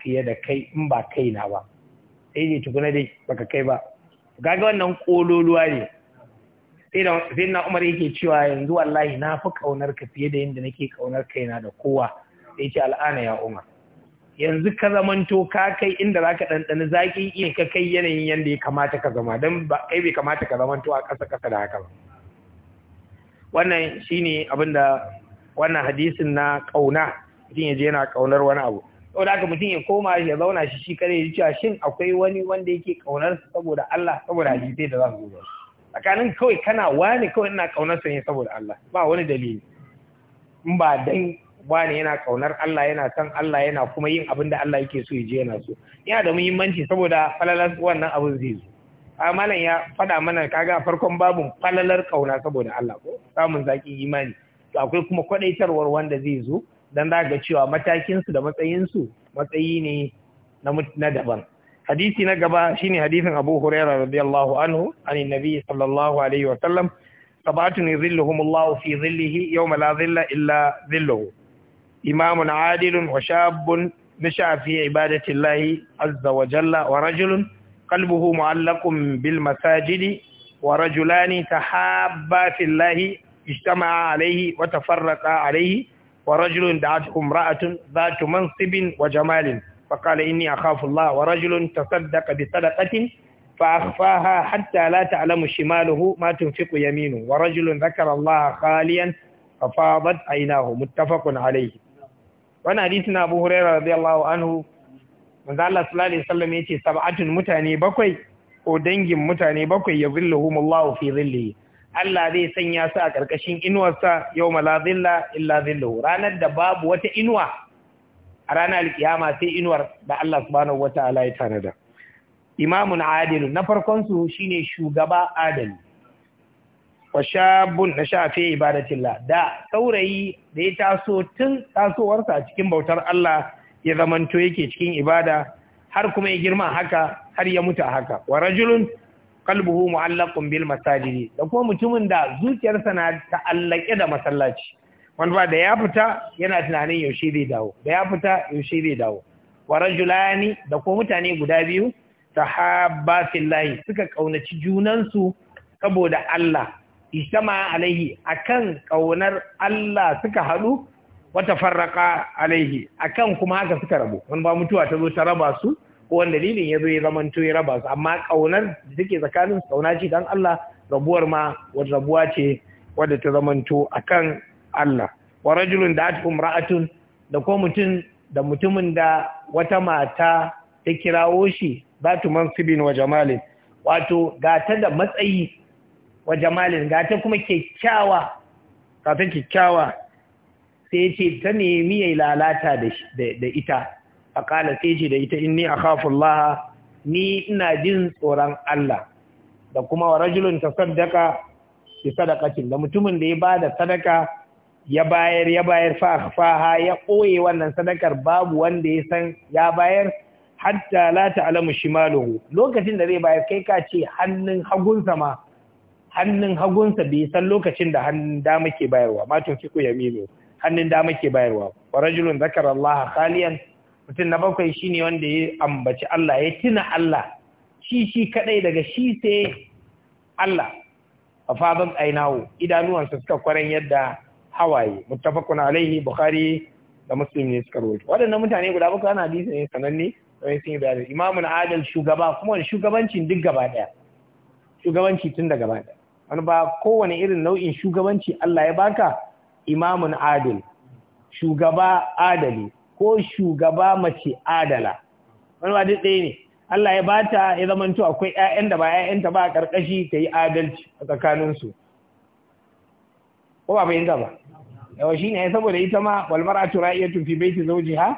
fiye da kai in ba kai na ba sai dai tukuna dai baka kai ba kaga wannan kololuwa ne sai da sai na Umar yake cewa yanzu wallahi na fi kaunar ka fiye da yanda nake kaunar kaina da kowa sai ce al'ana ya Umar yanzu ka zamanto ka kai inda za ka ɗanɗani zaƙi iya ka kai yanayin yadda ya kamata ka zama don kai bai kamata ka zamanto a ƙasa ƙasa da haka ba wannan shi ne abin da wannan hadisin na ƙauna mutum ya je yana ƙaunar wani abu sau da haka mutum ya koma ya zauna shi shi kare ya cewa shin akwai wani wanda yake ƙaunar saboda Allah saboda hadisai da za su zo tsakanin kawai kana wani kawai ina ƙaunar sa ne saboda Allah ba wani dalili in ba dan ba wani yana ƙaunar Allah yana san Allah yana kuma yin abin da Allah yake so yaje yana so ina da muhimmanci saboda falalar wannan abin zai zo amalan ya faɗa mana kaga farkon babun falalar ƙauna saboda Allah ko samun zakin imani to akwai kuma kwadaitarwar wanda zai zo dan za cewa matakin su da matsayin su matsayi ne na na daban hadisi na gaba shine hadisin Abu Hurairah radiyallahu anhu anin nabi sallallahu alaihi wa sallam sabatun yadhilluhum fi dhillihi yawma la dhilla illa dhilluhu إمام عادل وشاب نشأ في عبادة الله عز وجل ورجل قلبه معلق بالمساجد ورجلان تحابا في الله اجتمعا عليه وتفرقا عليه ورجل دعته امرأة ذات منصب وجمال فقال إني أخاف الله ورجل تصدق بصدقة فأخفاها حتى لا تعلم شماله ما تنفق يمينه ورجل ذكر الله خاليا ففاضت عيناه متفق عليه Wani hadisi na Abu Hurairah An anhu manzo Allah lalai sallama ya ce, sab'atun mutane bakwai ko dangin mutane bakwai ya zilluhumullahu fi zille Allah zai sanya su a ƙarƙashin inuwarsa yau la zilla illa zilluhu ranar da babu wata inuwa a ranar alkiyama sai inuwar da Allah subhanahu wataala ya tanada imamun adilu na farkon su shine shugaba adali wa na shafe ibadatillah da saurayi da ya taso tun tasowarsa a cikin bautar Allah ya zamanto yake cikin ibada har kuma ya girma haka har ya mutu haka wa rajulun qalbuhu mu'allaqun bil da kuma mutumin da zuciyarsa na ta'allake da masallaci wanda ba da ya fita yana tunanin yaushe zai dawo da ya fita yaushe zai dawo wa rajulani da kuma mutane guda biyu sahabba fillahi suka kaunaci junansu saboda Allah ijtama alaihi akan kaunar Allah suka haɗu wata farraka alaihi akan kuma haka suka rabu wani ba mutuwa ta zo ta raba su ko wanda dalilin ya zo ya zamanto ya raba su amma kaunar da take tsakanin su kauna ce dan Allah rabuwar ma wa rabuwa ce wadda ta zamanto akan Allah wa rajulun da atkum ra'atun da ko mutum da mutumin da wata mata ta kirawo shi zatu mansibin wa jamalin wato gata da matsayi wa jamalin ga ta kuma kyakkyawa kafin kyakkyawa sai ce ta nemi ya lalata da ita a kala sai ce da ita in ni a kafin Laha, ni ina jin tsoron Allah da kuma wa rajulun ta sadaka, bi sadakacin da mutumin da ya ba da sadaka ya bayar ya bayar fa faha ya koye wannan sadakar babu wanda ya san ya bayar hatta la ta'lamu shimaluhu lokacin da zai bayar kai ka ce hannun hagunsa ma hannun hagunsa bai san lokacin da hannun dama ke bayarwa ma to kiku yaminu hannun dama ke bayarwa wa rajulun zakara Allah khaliyan mutum na bakwai shine wanda ya ambaci Allah ya tuna Allah shi shi kadai daga shi sai Allah a fadan ainawo idanuwansa suka kwaren yadda hawaye muttafaqun alaihi bukhari da muslim ne suka rawaito waɗannan mutane guda bakwai ana hadisi ne sananne sai sun yi bayani imamun adal shugaba kuma shugabancin duk gaba daya shugabanci tun da gaba daya wani ba kowane irin nau'in shugabanci Allah ya baka imamun adil shugaba adali ko shugaba mace adala wani ba duk ɗaya ne Allah ya bata ya zamanto akwai ƴaƴan da ba ta ba a karkashi ta yi adalci a tsakaninsu ko ba bayin gaba yawa shine ya saboda ita ma wal mar'atu ra'iyatu fi baiti zawjiha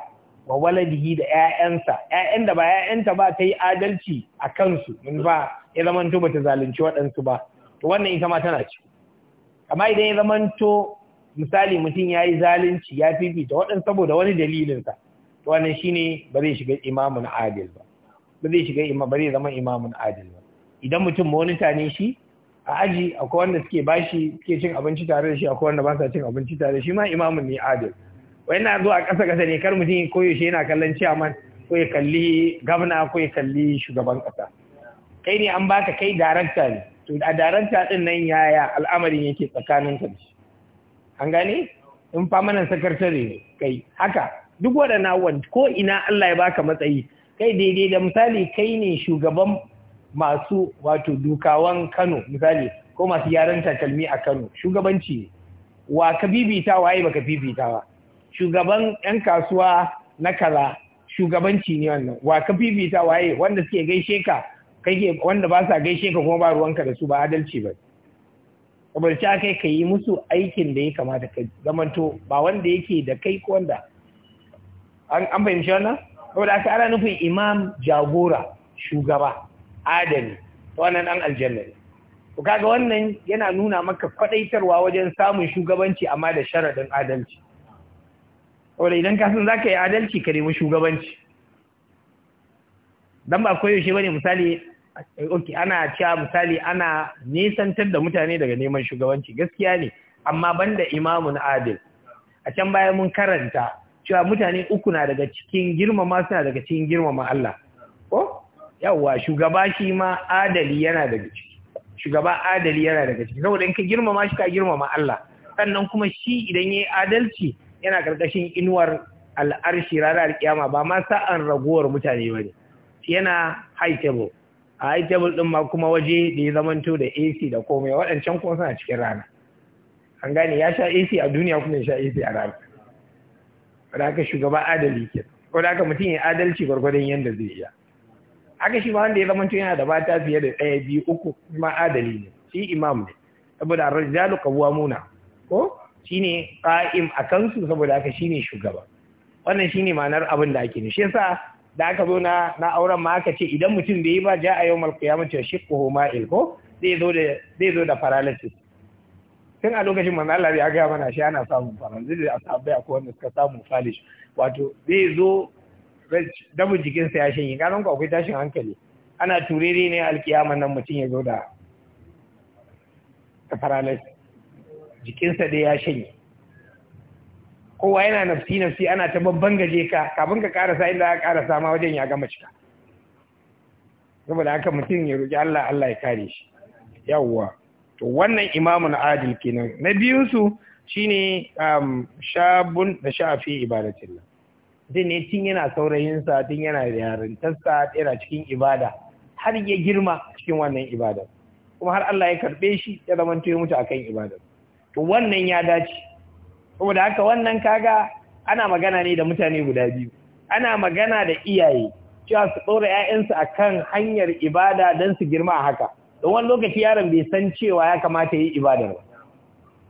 wa waladihi da ƴaƴansa ƴaƴan da ba ta ba ta yi adalci a kansu mun ba ya zamanto bata zalunci waɗansu ba to wannan ita ma tana ci amma idan ya zamanto misali mutum ya yi zalunci ya fifita waɗan saboda wani dalilinsa to wannan shine ba zai shiga imamun adil ba ba zai shiga imam ba zai zama imamun adil ba idan mutum wani tane shi a aji akwai wanda suke bashi suke cin abinci tare da shi akwai wanda ba sa cin abinci tare da shi ma imamun ne adil wai na zuwa ƙasa ƙasa ne kar mutum ko yaushe yana kallon ciyaman ko ya kalli gwamna ko ya kalli shugaban ƙasa kai ne an baka kai darakta ne to a daranta din nan yaya al'amarin yake tsakanin ka an gane in fa mana sakatare kai haka duk wadana wan ko ina Allah ya baka matsayi kai daidai da misali kai ne shugaban masu wato dukawan Kano misali ko masu yaran takalmi a Kano shugabanci wa ka bibita waye baka bibita ba shugaban yan kasuwa na kaza shugabanci ne wannan wa ka bibita waye wanda suke gaishe ka kai ke wanda ba sa gaishe ka kuma ba ruwanka da su ba adalci ba saboda ta kai ka yi musu aikin da ya kamata ka zamanto ba wanda yake da kai ko wanda an fahimci wannan saboda aka ana nufin imam jagora shugaba adali ta wannan dan aljanna ne to kaga wannan yana nuna maka kwadaitarwa wajen samun shugabanci amma da sharadin adalci saboda idan ka san zaka yi adalci ka nemi shugabanci dan ba koyaushe bane misali ok ana cewa misali ana nisantar da mutane daga neman shugabanci gaskiya ne amma banda imamun adil a can baya mun karanta cewa mutane uku na daga cikin girmama suna daga cikin girmama Allah ko yawwa shugaba shi ma adali yana daga ciki shugaba adali yana daga ciki saboda in ka girmama shi ka girmama Allah sannan kuma shi idan yayi adalci yana karkashin inuwar al'arshi ranar kiyama ba ma sa'an ragowar mutane bane yana high a yi tebul ɗin ma kuma waje da ya zamanto da ac da komai waɗancan kuma suna cikin rana an gane ya sha ac a duniya kuma ya sha ac a rana wadda aka shugaba adali ke wadda aka mutum ya adalci gwargwadon yadda zai iya aka shi ma wanda ya zamanto yana da bata fiye da ɗaya biyu uku kuma adali ne shi imam ne saboda arzalu Muna ko shi ne ƙa'im a kansu saboda haka ne shugaba wannan shi ne ma'anar abin da ake nishi yasa da aka zo na na auren ma aka ce idan mutum bai yi ba ja a yawmal qiyamati yashquhu ma'il ko zai zo da zai zo da paralysis tun a lokacin manzo Allah ya ga mana shi ana samun paralysis da asabai ko wanda suka samu falish wato zai zo damu jikinsa ya shanye ganin ku akwai tashin hankali ana turere ne alkiyama nan mutum ya zo da paralysis jikinsa dai ya shanye kowa yana nafsi nafsi ana ta babban gaje ka kafin ka karasa inda aka karasa ma wajen ya gama cika saboda haka mutum ya roki Allah Allah ya kare shi yawwa to wannan imamun adil kenan na biyu su shine um, shabun da shafi ibadatullah din ne tun yana saurayinsa tun yana da yarintarsa yana cikin ibada har ya girma cikin wannan ibada kuma har Allah ya karɓe shi ya zama ya mutu akan ibada to wannan ya dace saboda haka wannan kaga ana magana ne da mutane guda biyu ana magana da iyaye cewa su ɗora 'ya'yansu a kan hanyar ibada don su girma a haka don wani lokaci yaron bai san cewa ya kamata yi ibadar ba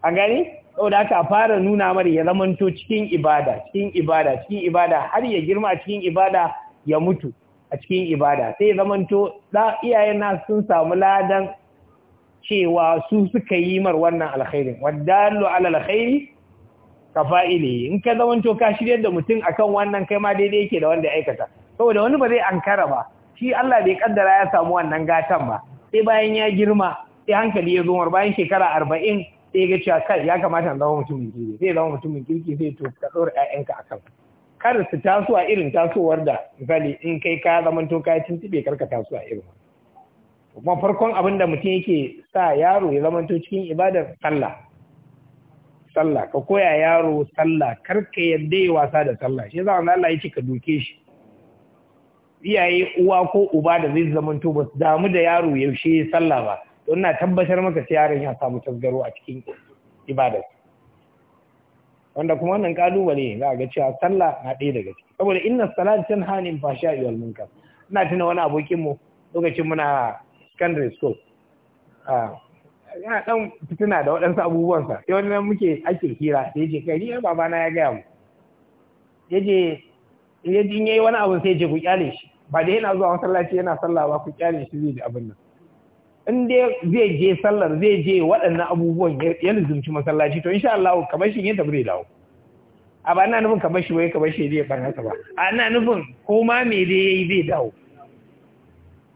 a gani saboda haka a fara nuna mara ya zamanto cikin ibada cikin ibada cikin ibada har ya girma a cikin ibada ya mutu a cikin ibada sai ya zamanto da iyayen na sun samu ladan cewa su suka yi mar wannan alkhairin wadallu ala alkhairi ka fa'ile in ka zamanto ka shiryar da mutum akan wannan kai ma daidai yake da wanda ya aikata saboda wani ba zai ankara ba shi Allah bai kaddara ya samu wannan gatan ba sai bayan ya girma sai hankali ya zo bayan shekara arba'in sai ga cewa kai ya kamata na zama mutumin kirki sai zama mutumin kirki sai to ka ɗora ƴaƴanka akan kar su tasowa irin tasowar da misali in kai ka to ka tuntube kar ka tasowa irin kuma farkon abin da mutum yake sa yaro ya zamanto cikin ibadar sallah sallah ka koya yaro sallah kar ka yadda ya wasa da sallah shi a Allah ya ce ka doke shi iyaye uwa ko uba da zai zama to ba su damu da yaro yaushe ya sallah ba don na tabbatar maka sai yaron ya samu tasgaro a cikin ibadar wanda kuma wannan kalubale za a ga cewa sallah na ɗaya daga ciki saboda inna salat hanin fasha a wal munkar ina tuna wani abokin mu lokacin muna secondary school ah, yana ɗan fitina da waɗansu abubuwansa sai wani nan muke ake hira da yace kai ni babana ya gaya mu yaje yaje in yayi wani abu sai je ku kyale shi ba da yana zuwa masallaci yana sallah ba ku kyale shi zai da abin nan in dai zai je sallar zai je waɗannan abubuwan ya lizumci masallaci to insha Allah kamar shi yin tabbai zai dawo a ba ina nufin kamar shi wai kamar shi zai bar haka ba a ina nufin ko ma me dai yayi zai dawo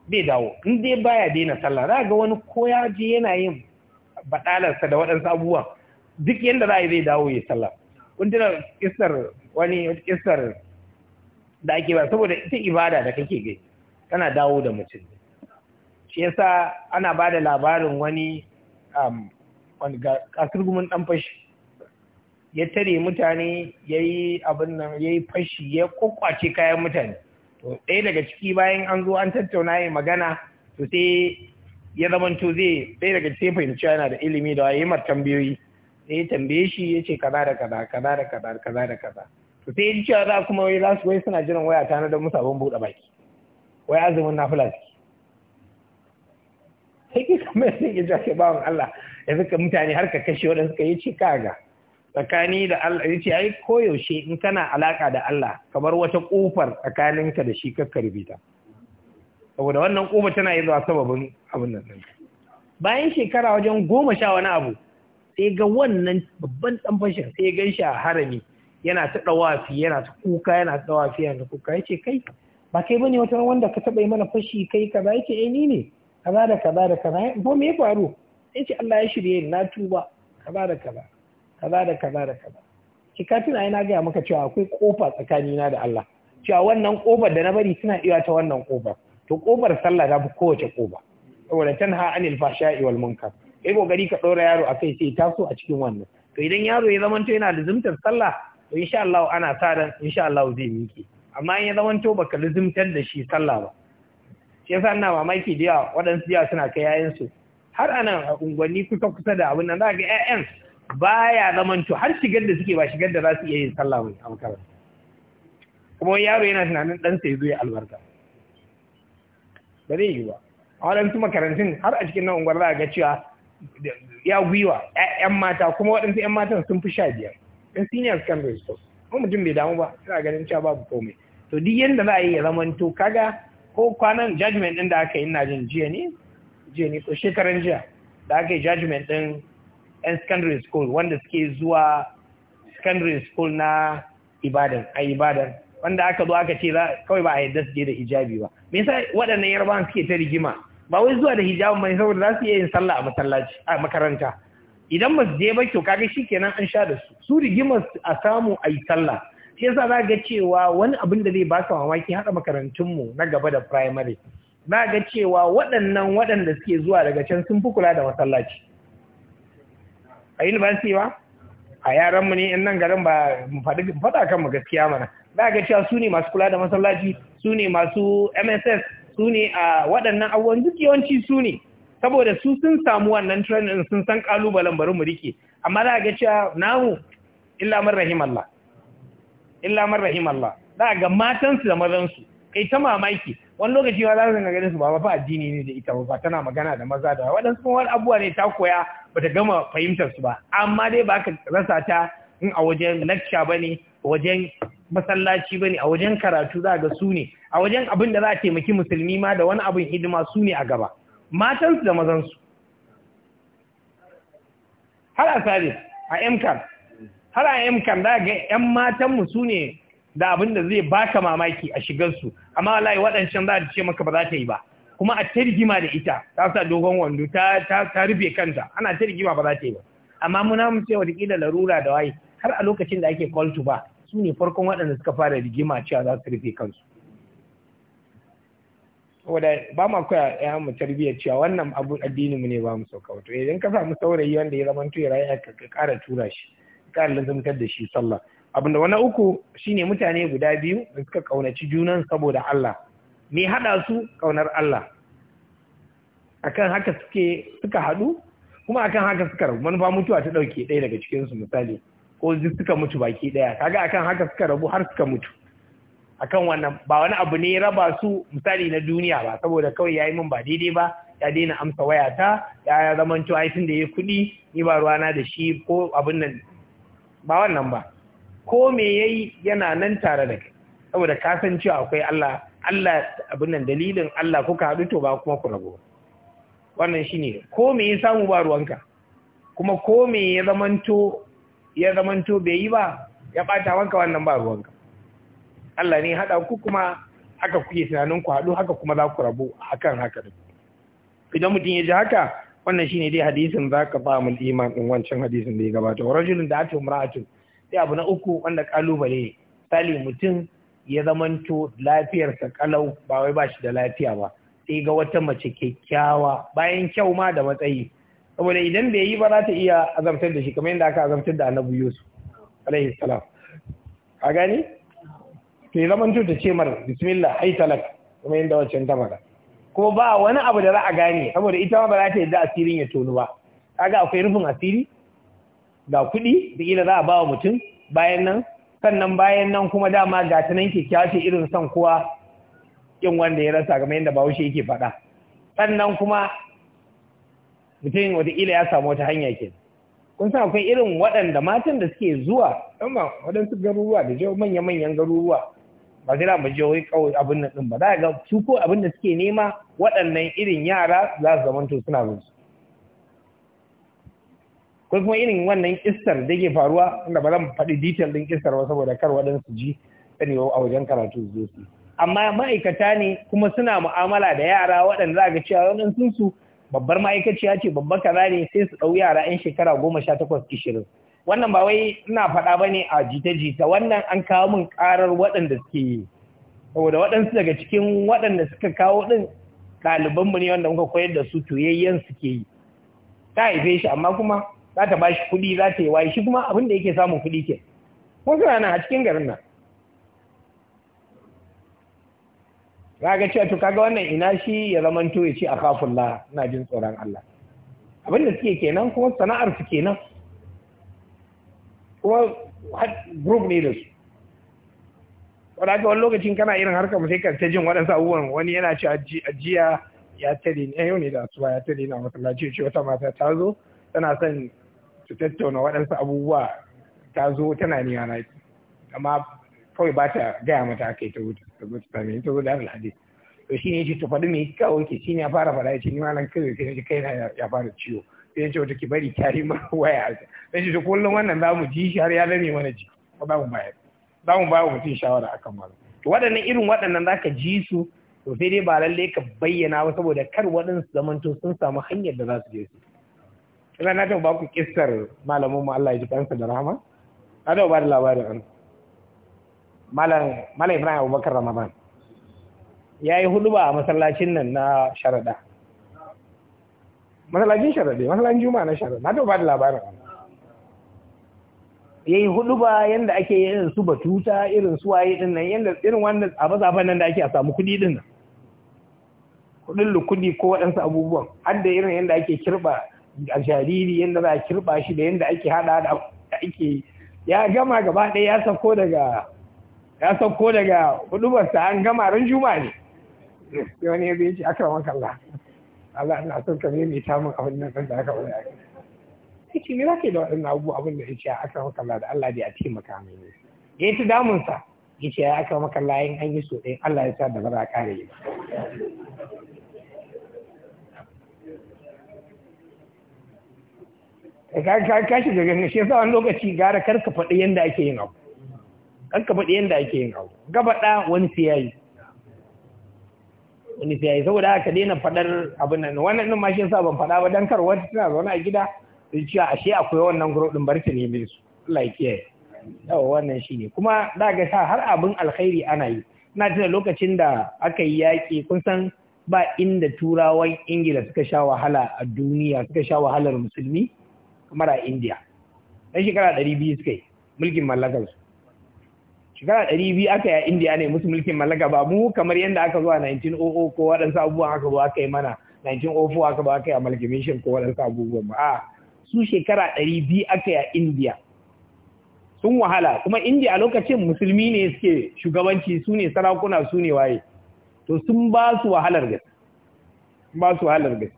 bai dawo in dai baya daina sallah za ga wani ko ya je yana yin baɗalarsa da waɗansu abubuwan duk yadda za a yi zai dawo ya sallah kun tuna kistar wani kistar da ake ba saboda ita ibada da kake gai tana dawo da mutum shi yasa ana ba da labarin wani um, wani gumin ɗan fashi ya tare mutane ya yi abin nan ya yi fashi ya kwakwace kayan mutane to ɗaya daga ciki bayan an zo an tattauna ya magana to sai ya zamanto zai ɗaya daga cikin fahimci yana da ilimi da ya mar tambayoyi da ya tambaye shi ya ce kaza da kaza kaza da kaza kaza da kaza to sai ya cewa za kuma wai za su wai suna jiran waya tana da musa abin buɗe baki wai azumin na fula ce sai ke kamar sai ya jace wani Allah ya suka mutane har ka kashe waɗanda suka yi ce kaga tsakani da Allah ya ce ai koyaushe in kana alaka da Allah kamar wata kofar tsakaninka da shi ka karbi ta. saboda wannan ƙofa tana yi zuwa sababin abin nan ɗin bayan shekara wajen goma sha wani abu sai ga wannan babban ɗan fashin sai gan shi a harami yana ta ɗawafi yana ta kuka yana ta ɗawafi yana ta kuka ya ce kai ba kai bane wata wanda ka taɓa yi mana fashi kai ba. ya ce eh, ni ne kaza da kaza da kaza ko me ya faru ya ce Allah ya shirye ni na tuba kaza da kaza kaza da kaza da ba ki ka tuna ina gaya maka cewa akwai kofa tsakanina da Allah cewa wannan kofar da na bari suna iya ta wannan kofar to ƙofar sallah ta fi kowace koba saboda ha anil fashai wal munkar kai kokari ka ɗora yaro akai sai taso a cikin wannan to idan yaro ya zamanto yana lizimtar sallah to insha Allah ana sa ran insha Allah zai miƙe amma in ya zamanto baka lizimtar da shi sallah ba shi yasa ina mamaki da yawa waɗansu yawa suna kai yayansu har a unguwanni kusa kusa da abin nan za ga ƴaƴan baya zamanto har shigar da suke ba shigar da za su iya yin sallah mai a makaranta kuma yaro yana tunanin ɗansa ya zo ya albarka ba zai yi ba a waɗansu makarantun har a cikin nan unguwar za ga cewa ya gwiwa ƴan mata kuma waɗansu ƴan matan sun fi sha biyar ɗan senior secondary school kuma mutum bai damu ba suna ganin cewa babu komai to duk yadda za a yi ya to kaga ko kwanan judgment ɗin da aka yi ina jin jiya ne jiya ne ko shekaran jiya da aka yi judgment ɗin yan secondary school wanda suke zuwa secondary school na ibadan a ibadan wanda aka zo aka ce za kawai ba a yadda su je da hijabi ba me yasa waɗannan yarbawan suke ta rigima ba wai zuwa da hijabin ne saboda za su iya yin sallah a masallaci a makaranta idan ba su je ba kyau kaga shikenan an sha da su su rigimar a samu a yi sallah shi yasa za ga cewa wani abin da zai ba su mamaki haɗa makarantunmu na gaba da firamare. za ga cewa waɗannan waɗanda suke zuwa daga can sun fi kula da masallaci a yi ba a yaranmu ne in nan garin ba mu faɗa kan mu gaskiya mana za ga cewa su ne masu kula da masallaci su ne masu mss su ne a waɗannan abubuwan duk yawanci su ne saboda su sun samu wannan trenin sun san kalubalen bari mu rike amma za ga cewa namu illa rahim Allah illa rahim Allah za ga matan da mazan kai ta mamaki wani lokaci ba za su ga su ba fa addini ne da ita ba tana magana da maza da waɗansu kuma wani abuwa ne ta koya bata gama fahimtar su ba amma dai ba ka rasa ta in a wajen ba ne wajen masallaci ba ne a wajen karatu za ga su ne a wajen abin da za a taimaki musulmi ma da wani abin hidima su ne a gaba matansu da mazansu har a sabis a mkan har a mkan za ga 'yan matanmu su ne da abin da zai baka mamaki a shigarsu amma wallahi waɗancan za a ce maka ba za ta yi ba kuma a ta rigima da ita ta sa dogon wando ta rufe kanta ana ta rigima ba za ta yi ba amma muna mu ce da larura da waye har a lokacin da ake call ba su ne farkon waɗanda suka fara rigima cewa za su rufe kansu saboda ba ma kuwa ya mu tarbiyyar cewa wannan abu addinin mu ne ba mu sauka wato idan ka samu saurayi wanda ya zama to ya ka ƙara tura shi ƙara lazumtar da shi sallah abin da wani uku shine mutane guda biyu da suka ƙaunaci junan saboda Allah me haɗa su ƙaunar Allah akan haka suka haɗu? kuma akan haka suka rabu manufa mutuwa ta ɗauke ɗaya daga cikinsu misali ko duk suka mutu baki daya kaga akan haka suka rabu har suka mutu akan wannan ba wani abu ne raba su misali na duniya ba saboda kawai yayi min ba daidai ba ya daina amsa wayata ya zaman cewa ai tunda yayi kudi ni ba ruwana da shi ko abin nan ba wannan ba ko me yayi yana nan tare da kai saboda ka san cewa akwai Allah Allah abin nan dalilin Allah kuka haɗu to ba kuma ku rabu wannan shine ko me ya samu ba ruwanka kuma ko me ya zamanto ya zamanto bai yi ba ya ɓata wanka wannan ba ruwanka Allah ne haɗa ku kuma haka kuke tunanin ku haɗu haka kuma za ku rabu akan haka da idan mutum ya ji haka wannan shine dai hadisin za ka fa mul iman din wancan hadisin da ya gabata wa rajulun da atu mar'atu sai abu na uku wanda kalubale sali mutum ya zamanto lafiyarsa kalau ba wai ba shi da lafiya ba sai ga wata mace kyakkyawa bayan kyau ma da matsayi saboda idan bai yi ba za ta iya azabtar da shi kamar yadda aka azabtar da annabi yusuf alaihi salam a gani to ya zamanto ce mar bismillah ai talak kamar yadda wancan ta mara kuma ba wani abu da za a gane saboda ita ba za ta yadda asirin ya tonu ba kaga akwai rufin asiri ga kuɗi da ila za a ba wa mutum bayan nan sannan bayan nan kuma dama ga ta nan kyakkyawa ce irin son kowa yin wanda ya rasa kamar yadda bahaushe yake faɗa sannan kuma mutum wataƙila ya samu wata hanya ke kun san akwai irin waɗanda matan da suke zuwa ɗan ba waɗansu garuruwa da jihohi manya-manyan garuruwa ba sai ba mu jihohi kawai abin nan ɗin ba za ga su ko abin da suke nema waɗannan irin yara za su to suna zuwa kun kuma irin wannan kistar da ke faruwa inda ba zan faɗi detail ɗin kistar ba saboda kar waɗansu ji tsanewa a wajen karatu su amma ma'aikata ne kuma suna mu'amala da yara waɗanda za ga cewa waɗansu su babbar ma'aikaciya ce babbar kaza ne sai su ɗau yara 'yan shekara goma sha takwas ishirin wannan ba wai ina faɗa ba ne a jita-jita wannan an kawo min ƙarar waɗanda suke yi saboda waɗansu daga cikin waɗanda suka kawo ɗin ɗalibanmu ne wanda muka koyar da su tuyayyen suke yi ta haife shi amma kuma za ta ba shi kuɗi za ta yi waye shi kuma abin da yake samun kuɗi ke suna nan a cikin garin nan kaga cewa to kaga wannan ina shi ya zamanto ya ce a la ina jin tsoron Allah abin da suke kenan kuma sana'ar su kenan kuma group ne da su aka wani lokacin kana irin harkar sai ka ta jin waɗansu abubuwan wani yana ce ajiya ya tare ne eh, yau ne da asuba ya tare na masallaci ce wata mata ta zo tana son su tattauna waɗansu abubuwa ta zo tana niyana amma kawai ba ta gaya mata aka yi ta wuta domin su fahimci ta gudanar alhadi to shi ne ya ce to faɗi me kawo ke shi ne ya fara faɗa ya ce ni ma nan kawai na ji kaina ya fara ciwo sai ya ce wata ki bari ta yi mara waya haka sai ce to kullum wannan za mu ji shi har ya zame mana ji ko za mu bayar za mu ba wa mutum shawara akan malam to waɗannan irin waɗannan za ka ji su to sai dai ba lalle ka bayyana ba saboda kar waɗansu zamanto sun samu hanyar da za su je su ina na ba ku kissar malamin mu Allah ya ji kansa da rahama na taɓa ba da labarin an malam ibrahim abubakar ramadan ya yi hudu ba a masallacin nan na sharaɗa masallacin sharaɗe masallacin juma'a na sharaɗa na ba da labarin ya yi hudu ba yadda ake irin su batuta irin su waye din nan yadda irin wanda a mazaban nan da ake a samu kuɗi din nan kuɗin lukudi ko waɗansu abubuwan har da irin yadda ake kirɓa a jariri yadda za a kirɓa shi da yadda ake haɗa da ake ya gama gaba ɗaya ya sako daga ya sauko daga hudubarsa an gama ran juma ne ya wani ya zai ce aka maka Allah Allah na son ka mai ta min abin nan da aka wani aka yake me zaka yi da waɗannan abubuwa abin da ya ce aka maka Allah da Allah da ya taimaka mai ne ya yi ta damunsa ya ce aka maka Allah yin an yi so ɗaya Allah ya sa da ba za a ƙara yi ba ka shiga ganin shi yasa wani lokaci gara kar ka faɗi yadda ake yin abu kan ka faɗi yadda ake yin abu ɗa wani siyayi. wani siyayi saboda aka daina faɗar abin nan wannan ɗin ma shi yasa ban faɗa ba dan kar wata tana zaune a gida in cewa ashe akwai wannan group ɗin bar ta neme su Allah ya kiyaye yawa wannan ne kuma da ga sa har abin alkhairi ana yi ina tuna lokacin da aka yi yaƙi kun san ba inda turawan ingila suka sha wahala a duniya suka sha wahalar musulmi kamar a indiya ɗan shekara ɗari biyu suka yi mulkin mallakarsu shekara ɗari biyu aka yi a indiya ne musu mulkin mallaka ba mu kamar yadda aka zo a 1900 ko waɗansu abubuwan aka zo aka yi mana 1904 aka zo aka yi a amalgamation ko waɗansu abubuwan ba a su shekara ɗari biyu aka yi a indiya sun wahala kuma indiya a lokacin musulmi ne suke shugabanci su ne sarakuna su ne waye to sun ba su wahalar gaske ba su wahalar gaske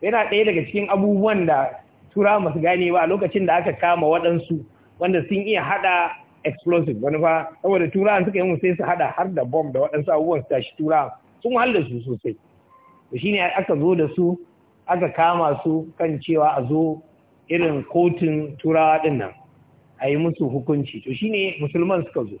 yana ɗaya daga cikin abubuwan da tura masu gane ba a lokacin da aka kama waɗansu wanda sun iya haɗa explosive wani fa saboda turawan suka yi mu sai su hada har da bomb da waɗansu abubuwan su tashi turawan sun wahala su sosai to shine aka zo da su aka kama su kan cewa a zo irin kotun turawa din nan a yi musu hukunci to shine musulman suka zo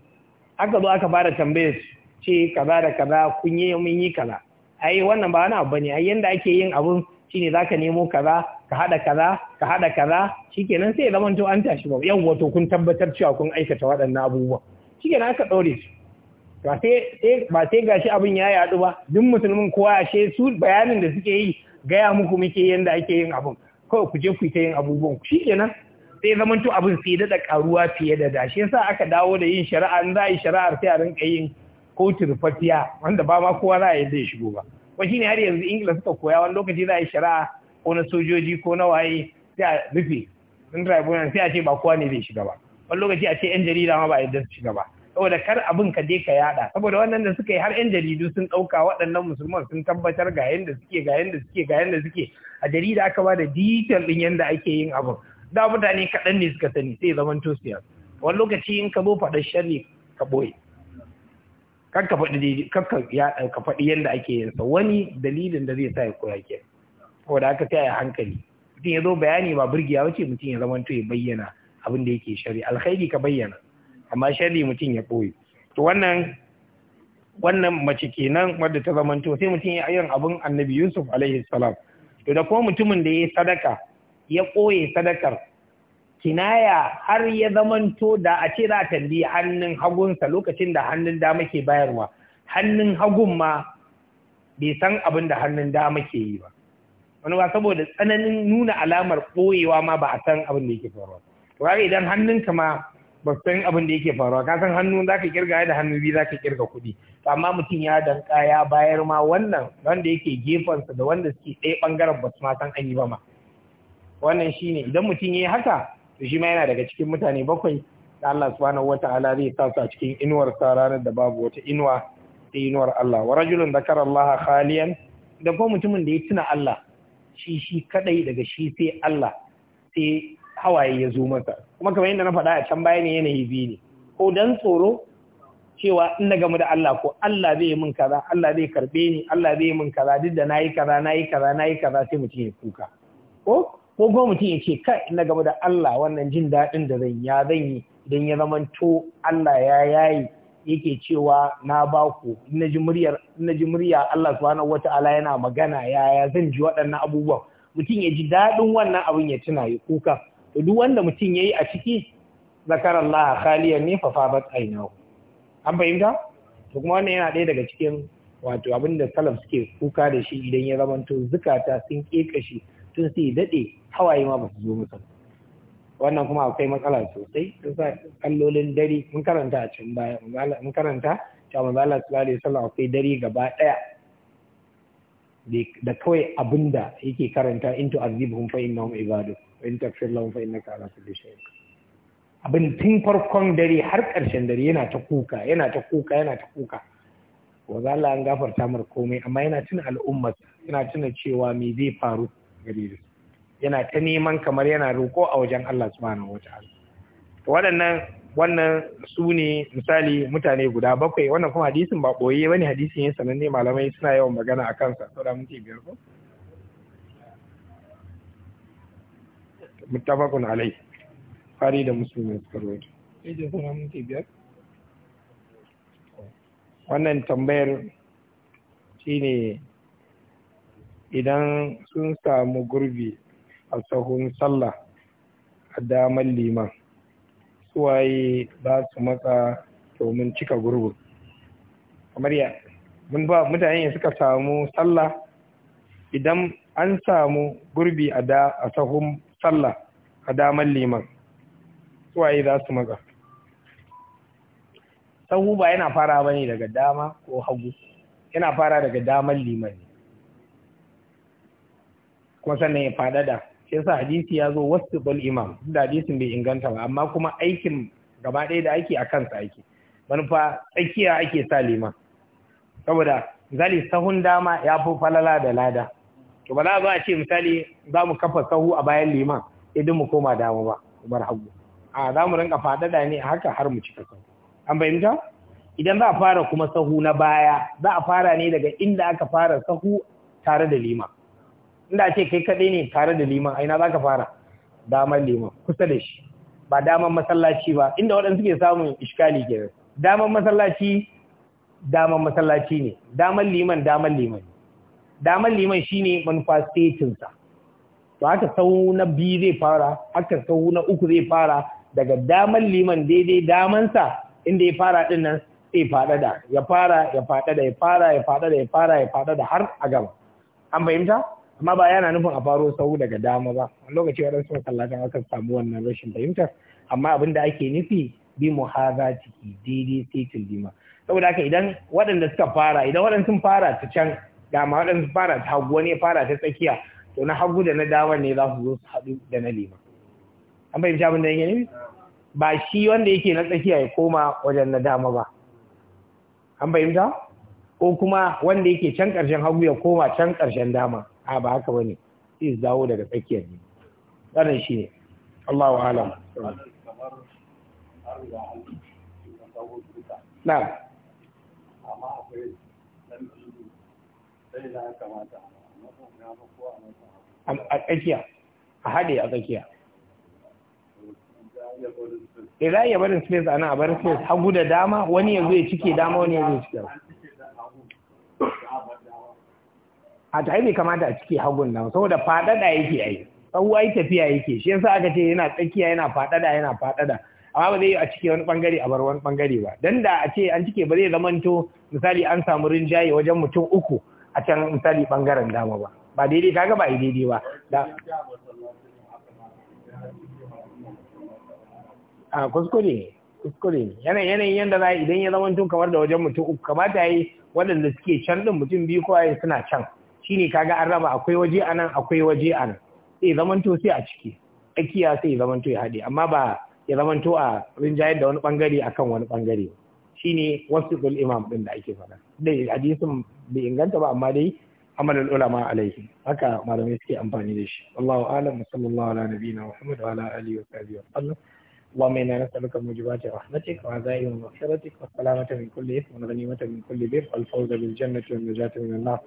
aka zo aka bada tambayar su ce kaza da kaza kun yi mun yi kaza ai wannan ba wani abu bane ai yanda ake yin abun ne za ka nemo kaza ka haɗa kaza ka haɗa kaza shikenan sai zama to an tashi ba yau wato kun tabbatar cewa kun aikata waɗannan abubuwa shikenan aka ɗaure su ba sai ba sai gashi abin ya yaɗu ba duk musulmin kowa ashe su bayanin da suke yi gaya muku muke yanda ake yin abin kawai ku je ku ta yin abubuwan ku shikenan sai zama to abin sai da karuwa fiye da da shi yasa aka dawo da yin shari'a in za a yi shari'ar sai a rinka yin kotu fatiya wanda ba ma kowa za a yi zai shigo ba ko shine har yanzu ingila suka koya wani lokaci za a yi shari'a ko na sojoji ko na waye sai a rufe in tribunal sai a ce ba kowa ne zai shiga ba wani lokaci a ce yan jarida ma ba yadda su shiga ba saboda kar abin ka je ka yada saboda wannan da suka yi har yan jaridu sun dauka waɗannan musulman sun tabbatar ga yanda suke ga yanda suke ga yanda suke a jarida aka ba da detail din yanda ake yin abin da mutane kaɗan ne suka sani sai zaman tosiyar wani lokaci in ka zo faɗar sharri ka boye kakka faɗi ka faɗi yadda ake yin sa wani dalilin da zai sa ya koya ke da aka sai a hankali mutum ya zo bayani ba burgiya wace mutum ya zama to ya bayyana abin da yake shari alkhairi ka bayyana amma shari mutum ya ɓoye to wannan wannan mace kenan wadda ta zama to sai mutum ya yin abin annabi yusuf alaihi salam to da kuma mutumin da ya sadaka ya ɓoye sadakar kinaya har ya zamanto da a ce za a tambayi hannun hagunsa lokacin da hannun dama ke bayarwa hannun hagun ma bai san abin da hannun dama ke yi ba wani ba saboda tsananin nuna alamar koyewa ma ba a san abin da yake faruwa to kaga idan hannunka ma ba san abin da yake faruwa ka san hannu ka kirga da hannu biyu ka kirga kuɗi to amma mutum ya danka ya bayar ma wannan wanda yake gefensa da wanda suke ɗaya bangaren ba su ma san an yi ba ma wannan shine idan mutum ya yi haka to shi ma yana daga cikin mutane bakwai da Allah subhanahu wata'ala zai sa a cikin inuwar sa ranar da babu wata inuwa ta inuwar Allah wa rajulun zakara Allah khaliyan da kuma mutumin da ya tuna Allah shi shi kadai daga shi sai Allah sai hawaye ya zo masa kuma kamar yadda na faɗa a can baya ne yanayi biyu ne ko dan tsoro cewa in na gamu da Allah ko Allah zai yi min kaza Allah zai karbe ni Allah zai yi min kaza duk da nayi kaza nayi kaza nayi kaza sai mutum ya kuka ko ko kuma mutum ya ce kai na gaba da Allah wannan jin daɗin da zan ya zan yi idan ya zamanto Allah ya yayi yake cewa na ba ku na ji murya Allah subhanahu wata'ala yana magana ya ya zan ji waɗannan abubuwan mutum ya ji daɗin wannan abin ya tuna ya kuka duk wanda mutum ya yi a ciki zakar Allah khaliyan ne fa fabat ainahu an fahimta to kuma wannan yana ɗaya daga cikin wato abin da salaf suke kuka da shi idan ya zamanto zukata sun kekashi tun sai daɗe hawaye ma ba su zo musu wannan kuma akwai matsala sosai kallolin dare mun karanta a can baya mun karanta ta manzo sallallahu alaihi wasallam akwai dare gaba daya da kawai abinda yake karanta into azibhum fa innahum ibadu wa in takfir lahum fa innaka ala kulli shay'in abin tun farkon dare har karshen dare yana ta kuka yana ta kuka yana ta kuka wa Allah an gafarta mar komai amma yana tuna al'ummar yana tuna cewa me zai faru gare su yana ta neman kamar yana roƙo a wajen Allah subhanahu wataala waɗannan wannan su ne misali mutane guda bakwai wannan kuma hadisin ba ɓoye ba ne hadisin yin sananne malamai suna yawan magana a kansa saboda mun ce biyar ko Mutafakun alai fari da musulmi suka rawaito ejin suna mun biyar wannan tambayar shine idan sun samu gurbi a sahun sallah a damar liman suwaye za su matsa domin cika gurbin kamar ya mun ba mutane suka samu sallah idan an samu gurbi a sahun sallah a damar liman suwaye za su matsa sahu ba yana fara ba ne daga dama ko hagu yana fara daga damar liman ne kuma sannan ya da. shi yasa hadisi ya zo wasu bal imam da hadisin bai inganta ba amma kuma aikin gaba ɗaya da ake a kansa ake manufa tsakiya ake sa liman saboda misali sahun dama ya fi falala da lada to ba za a ce misali za mu kafa sahu a bayan liman idan mu koma dama ba bar hagu a za mu rinka faɗaɗa ne haka har mu cika sahu an fahimta idan za a fara kuma sahu na baya za a fara ne daga inda aka fara sahu tare da liman inda ce kai kaɗai ne tare da liman aina za ka fara damar liman kusa da shi ba damar masallaci ba inda waɗanda suke samun iskali ke damar masallaci damar masallaci ne damar liman damar liman damar liman shine manufa statinsa to haka sau na biyu zai fara haka sau na uku zai fara daga damar liman daidai damansa inda ya fara ɗin nan sai faɗaɗa ya fara ya faɗaɗa ya fara ya faɗaɗa ya fara ya faɗaɗa har a gaba an fahimta amma ba yana nufin a faro sau daga dama ba lokaci waɗansu masallatan aka samu wannan rashin fahimtar amma abin da ake nufi bi muhaza ciki daidai sai lima saboda haka idan waɗanda suka fara idan waɗanda sun fara ta can dama waɗanda sun fara ta hagu wani fara ta tsakiya to na hagu da na dama ne za su zo su haɗu da na lima an fahimci abin da yake nufi ba shi wanda yake na tsakiya ya koma wajen na dama ba an fahimta ko kuma wanda yake can ƙarshen hagu ya koma can ƙarshen dama a ba haka bane sai dawo daga tsakiyar ne wannan ne. Allahu a'lam na a tsakiya a haɗe a tsakiya e za a iya barin space a nan a barin space hagu da dama wani ya zo ya cike dama wani ya zo ya cike a ta bai kamata a ciki hagun nan saboda faɗaɗa yake yi tsawo ai tafiya yake shi yasa aka ce yana tsakiya yana faɗaɗa yana faɗaɗa amma ba zai yi a cike wani bangare a bar wani bangare ba dan da a ce an cike ba zai zamanto misali an samu rinjaye wajen mutum uku a can misali bangaren dama ba ba daidai kaga ba daidai ba da a kuskure kuskure ne yanayin yanayin yadda za idan ya zamanto kamar da wajen mutum uku kamata ya yi waɗanda suke can ɗin mutum biyu ko suna can ne kaga an raba akwai waje a nan akwai waje a nan sai zamanto sai a ciki tsakiya sai zamanto ya haɗe amma ba ya zamanto a rinjayar da wani bangare akan wani bangare wasu wasiqul imam ɗin da ake faɗa dai hadisin bai inganta ba amma dai amalin ulama alaihi haka malamai suke amfani da shi Allahu a'lam sallallahu ala nabiyina Muhammad wa ala alihi wa sahbihi wa sallam اللهم انا نسالك min رحمتك وعزائم مغفرتك mata min kulle. اثم والغنيمه من كل بر والفوز بالجنه والنجاه من النار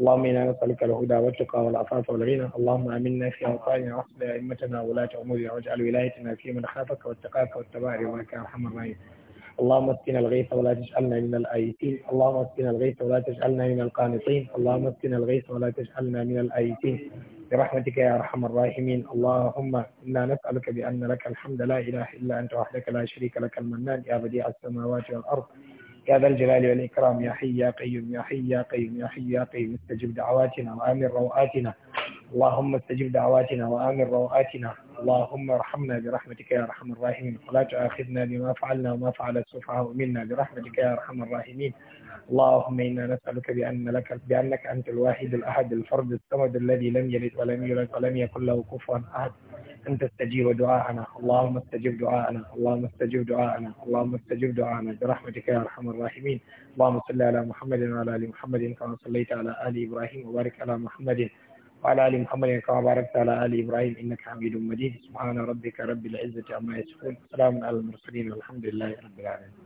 اللهم إنا نسألك الهدى والتقى والعفاف والغنى اللهم آمنا في أوطاننا واصل أئمتنا ولاة أمورنا واجعل ولايتنا في من خافك واتقاك واتبع رضاك يا أرحم الراحمين اللهم اسقنا الغيث ولا تجعلنا من الآيتين اللهم اسقنا الغيث ولا تجعلنا من القانطين اللهم اسقنا الغيث ولا تجعلنا من الآيتين برحمتك يا أرحم الراحمين اللهم إنا نسألك بأن لك الحمد لا إله إلا أنت وحدك لا شريك لك المنان يا بديع السماوات والأرض يا ذا الجلال والإكرام يا حي يا قيوم يا حي يا قيوم يا حي يا قيوم استجب دعواتنا وآمن روآتنا اللهم استجب دعواتنا وآمن روآتنا اللهم ارحمنا برحمتك يا ارحم الراحمين ولا تؤاخذنا بما فعلنا وما فعل السفهاء منا برحمتك يا ارحم الراحمين اللهم انا نسالك بان لك بانك انت الواحد الاحد الفرد الصمد الذي لم يلد ولم يولد ولم يكن له كفوا احد ان تستجيب دعاءنا اللهم استجب دعاءنا اللهم استجب دعاءنا اللهم استجب دعاءنا برحمتك يا ارحم الراحمين اللهم صل على محمد وعلى ال محمد كما صليت على ال ابراهيم وبارك على محمد وعلى آل محمد كما باركت على آل إبراهيم إنك حميد مجيد سبحان ربك رب العزة عما يصفون سلام على المرسلين والحمد لله رب العالمين